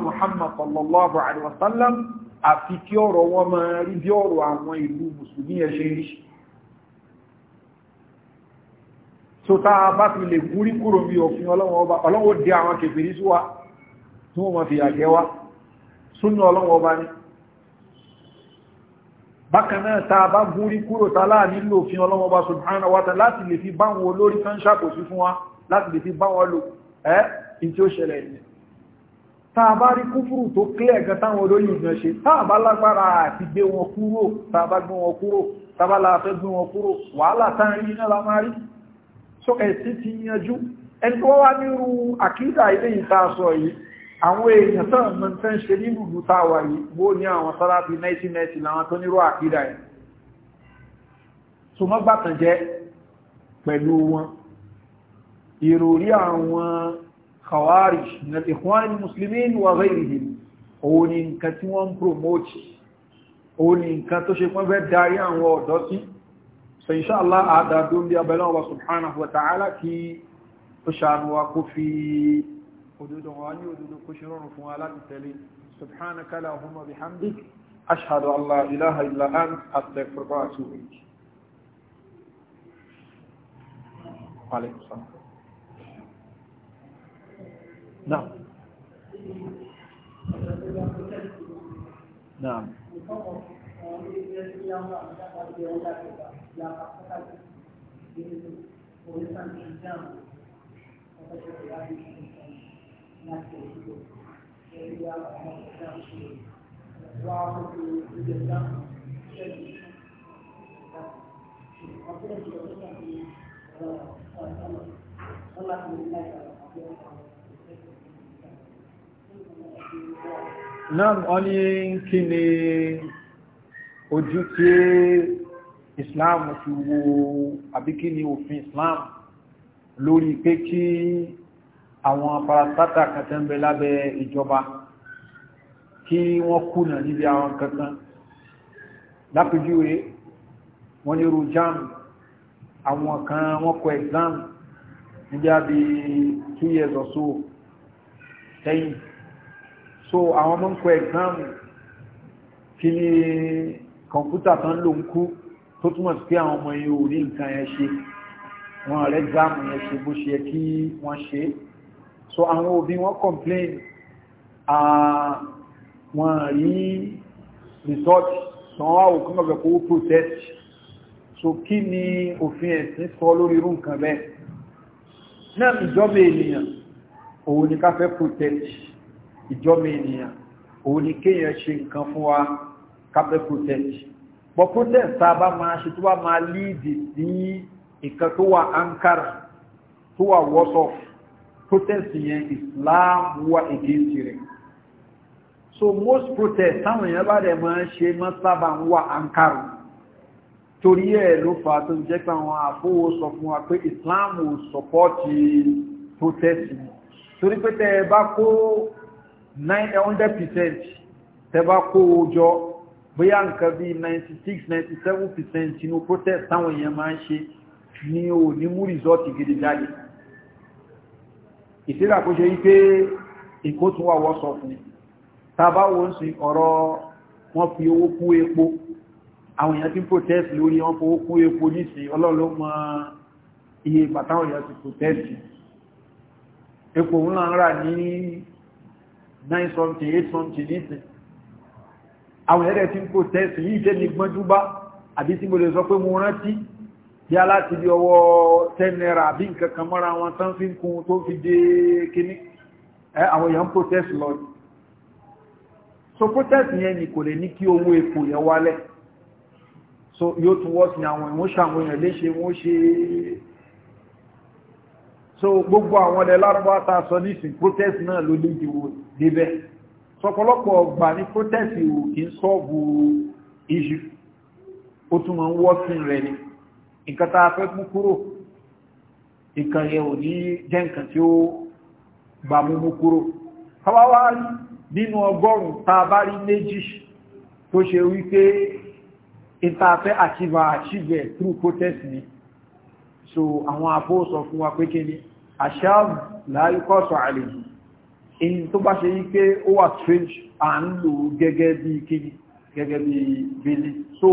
Speaker 1: muhammad sallallahu alaihi wasallam àfi kí ọ̀rọ̀ wọn máa rí bí ọ̀rọ̀ àwọn so tá a bá fi lè gúrí kúrò bí òfin ọlọ́wọ́ ọba ọlọ́wọ́ di àwọn kèfèrí sí wa tí wọ́n ma fi àjẹ́ wa súnú ọlọ́wọ́ ọba ní bákan náà tá a bá gúrí kúrò tá láà nílò òfin ọlọ́wọ́ ọba subhanahu wa ta'ala láti lè fi bá wọn olórí kan ṣàkóso fún wa so ẹ̀sí ti yanjú ẹni tó wá nírú àkídà ilé ìta sọ yìí àwọn èèyàn tán mọ́ tẹ́ ń ṣe nílùú táwà yìí bó ní àwọn sálábí 1990 láwọn tó nírú àkídà yìí so mọ́ jẹ́ pẹ̀lú wọn ìròrí àwọn khawarij na ikhwan muslimin wa ghayrihim òun ni nǹkan tí wọ́n ń promote òun ni nǹkan tó ṣe pọ́n fẹ́ darí àwọn ọ̀dọ́ sí فإن شاء الله أعدى دون دي الله سبحانه وتعالى كي أشان وكفي حدود غاني ودود قشر وفوالا التالي سبحانك اللهم بحمدك أشهد أن لا إله إلا أنت أستغفر وأتوب إليك وعليكم السلام نعم نعم Náà wọ́n ní kí ni ojú tí islam fi wo àbí ni òfin islam lórí pé kí àwọn parastata kankan bẹ lábẹ́ ìjọba kí wọ́n kùnà níbi àwọn kankan lápèjúwe wọ́n ní rujam àwọn kan wọ́n kọ exam níbi àbí two years or so sẹ́yìn so àwọn mọ́ ń kọ exam kí ni kọ̀ǹpútà tó ń lò ń kú tó túmọ̀ sí pé àwọn ọmọ yìí ò ní nǹkan yẹn ṣe wọn rẹ̀ gáàmù yẹn ṣe bó ṣe kí wọ́n ṣe so àwọn òbí wọn complain wọn rí resort sàn wá òkú mọ̀gbẹ̀ kó protest so kí ni òfin ẹ̀sìn sọ lórí irú nǹkan bẹ́ẹ̀ náà ìjọba ènìyàn òun ni ká fẹ́ protest ìjọba ènìyàn òun ni kéèyàn ṣe nǹkan fún wa kábẹ́ protest but protest tá a bá máa ṣe tó bá máa líìdì sí nǹkan ankar tó wà worse protest yẹn Islam wa against rẹ̀ so most protest táwọn èèyàn bá dẹ̀ máa ń ṣe máa sábà ankar torí ẹ̀ ló fà á tó jẹ́ pé àwọn àfọwọ́ sọ fún wa pé Islam ò sọpọ́ọ̀tì protest yẹn torí pé tẹ́ bá kó nine hundred percent tẹ́ bá kó o jọ bóyá nǹkan bí 96 97% inú protest táwọn èèyàn máa ń ṣe ní o ní mú rìsọ́ọ̀tì gidi jáde ìtìrà kó ṣe wípé èkó tún wà wọ́sọ̀ fún ni tàbá wo ń sin ọ̀rọ̀ wọ́n fi owó kú epo àwọn èèyàn ti ń protest lórí wọ́n fowó kú epo nísìn ọlọ́lọ́ mọ 9 something 8 something àwọn ẹ̀rẹ́ tí ń kò tẹ́sì yìí jẹ́ ní gbọ́njúbá àbí tí mo lè sọ pé mo rántí bí aláti bí ọwọ́ 10 naira àbí nǹkan kan mọ́ra wọn tán fi ń kun tó fi dé kíní àwọn èèyàn protest lọ ni so protest yẹn ni kò lè ní kí owó epo yẹn wálẹ̀ so yóò tún wọ́ sí àwọn ìwọ́n ṣàwọn èèyàn léṣe wọ́n ṣe so gbogbo àwọn ọ̀dẹ̀ lárúbáwá ta sọ nísìn protest náà ló lè dìbò débẹ̀ sọpọlọpọ̀ ọgbà ní protest ìwò kì ń sọ́ọ̀bù iṣu ó tún mọ̀ ń wọ́sìn rẹ̀ ni nǹkan tá a fẹ́ mú kúrò nǹkan yẹ ò ní jẹ́ nǹkan tí ó gbà mú mú kúrò káwáwá nínú ọgọ́rùn-ún bá rí méjì tó ṣe wípé ìtafẹ́ àṣìbà àṣìbẹ̀ through protest ni so àwọn àpò sọ fún wa pé kí ni àṣà láyé kọ́sọ̀ àlejò in tó bá ṣe yí ó wà strange à ń lò gẹ́gẹ́ bí kíni gẹ́gẹ́ bí bèlè so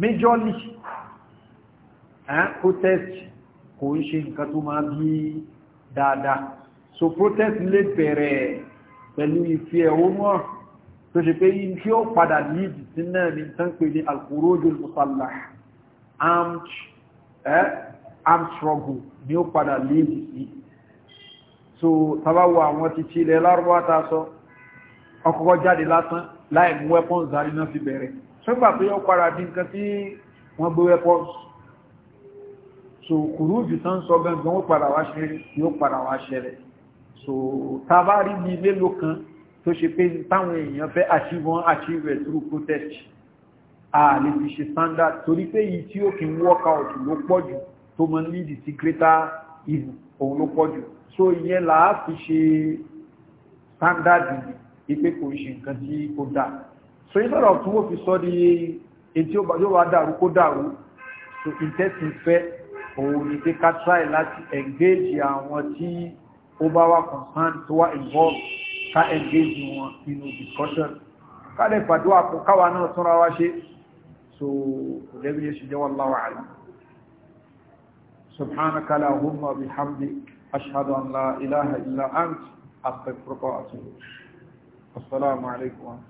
Speaker 1: majorly eh, protest kò ń ṣe nǹkan tó máa bí dáadáa so protest lè bẹ̀rẹ̀ pẹ̀lú ìfi ẹ̀hónú hàn tó ṣe pé yí kí ó padà níbi tí náà ní tán pè ní al-khurujul eh, armed struggle ni ó padà níbi sí so tabawo àwọn ti ti ilẹ̀ lárúbá ta sọ ọkọ̀kọ́ jáde lásán láì mú weapons dání náà fi bẹ̀rẹ̀ ṣọ́gbà tó yọ padà bí nǹkan tí wọ́n gbé weapons so kùrúùfì tán sọ gangan ó padà wá ṣẹlẹ̀ yóò padà wá ṣẹlẹ̀ so tabari ní mélòó kan tó ṣe pé táwọn èèyàn fẹ́ achieve one achieve through protest a lè fi ṣe standard torí pé èyí tí ó kì ń work out ló pọ̀ jù tó mọ́ lead sí greater evil òun ló pọ̀ jù so ìyẹn là á fi ṣe sándàdì ipé kò ṣe nǹkan tí kò dà so yìí sọ̀rọ̀ tí wọ́n fi sọ ní etí ó wá dàrú kó dàrú so ìtẹ́sí fẹ́ òun ni pé ká try láti engage àwọn tí ó bá wà concern tó wà involve ká engage wọn nínú discussion ká lè fàdúrà kó káwa náà túnra wá ṣe so kò lẹ́bi yẹn ṣe jẹ́ wallahu a'lam subhanaka lahumma bihamdik. أشهد أن لا إله إلا أنت أستغفرك وأتوب السلام عليكم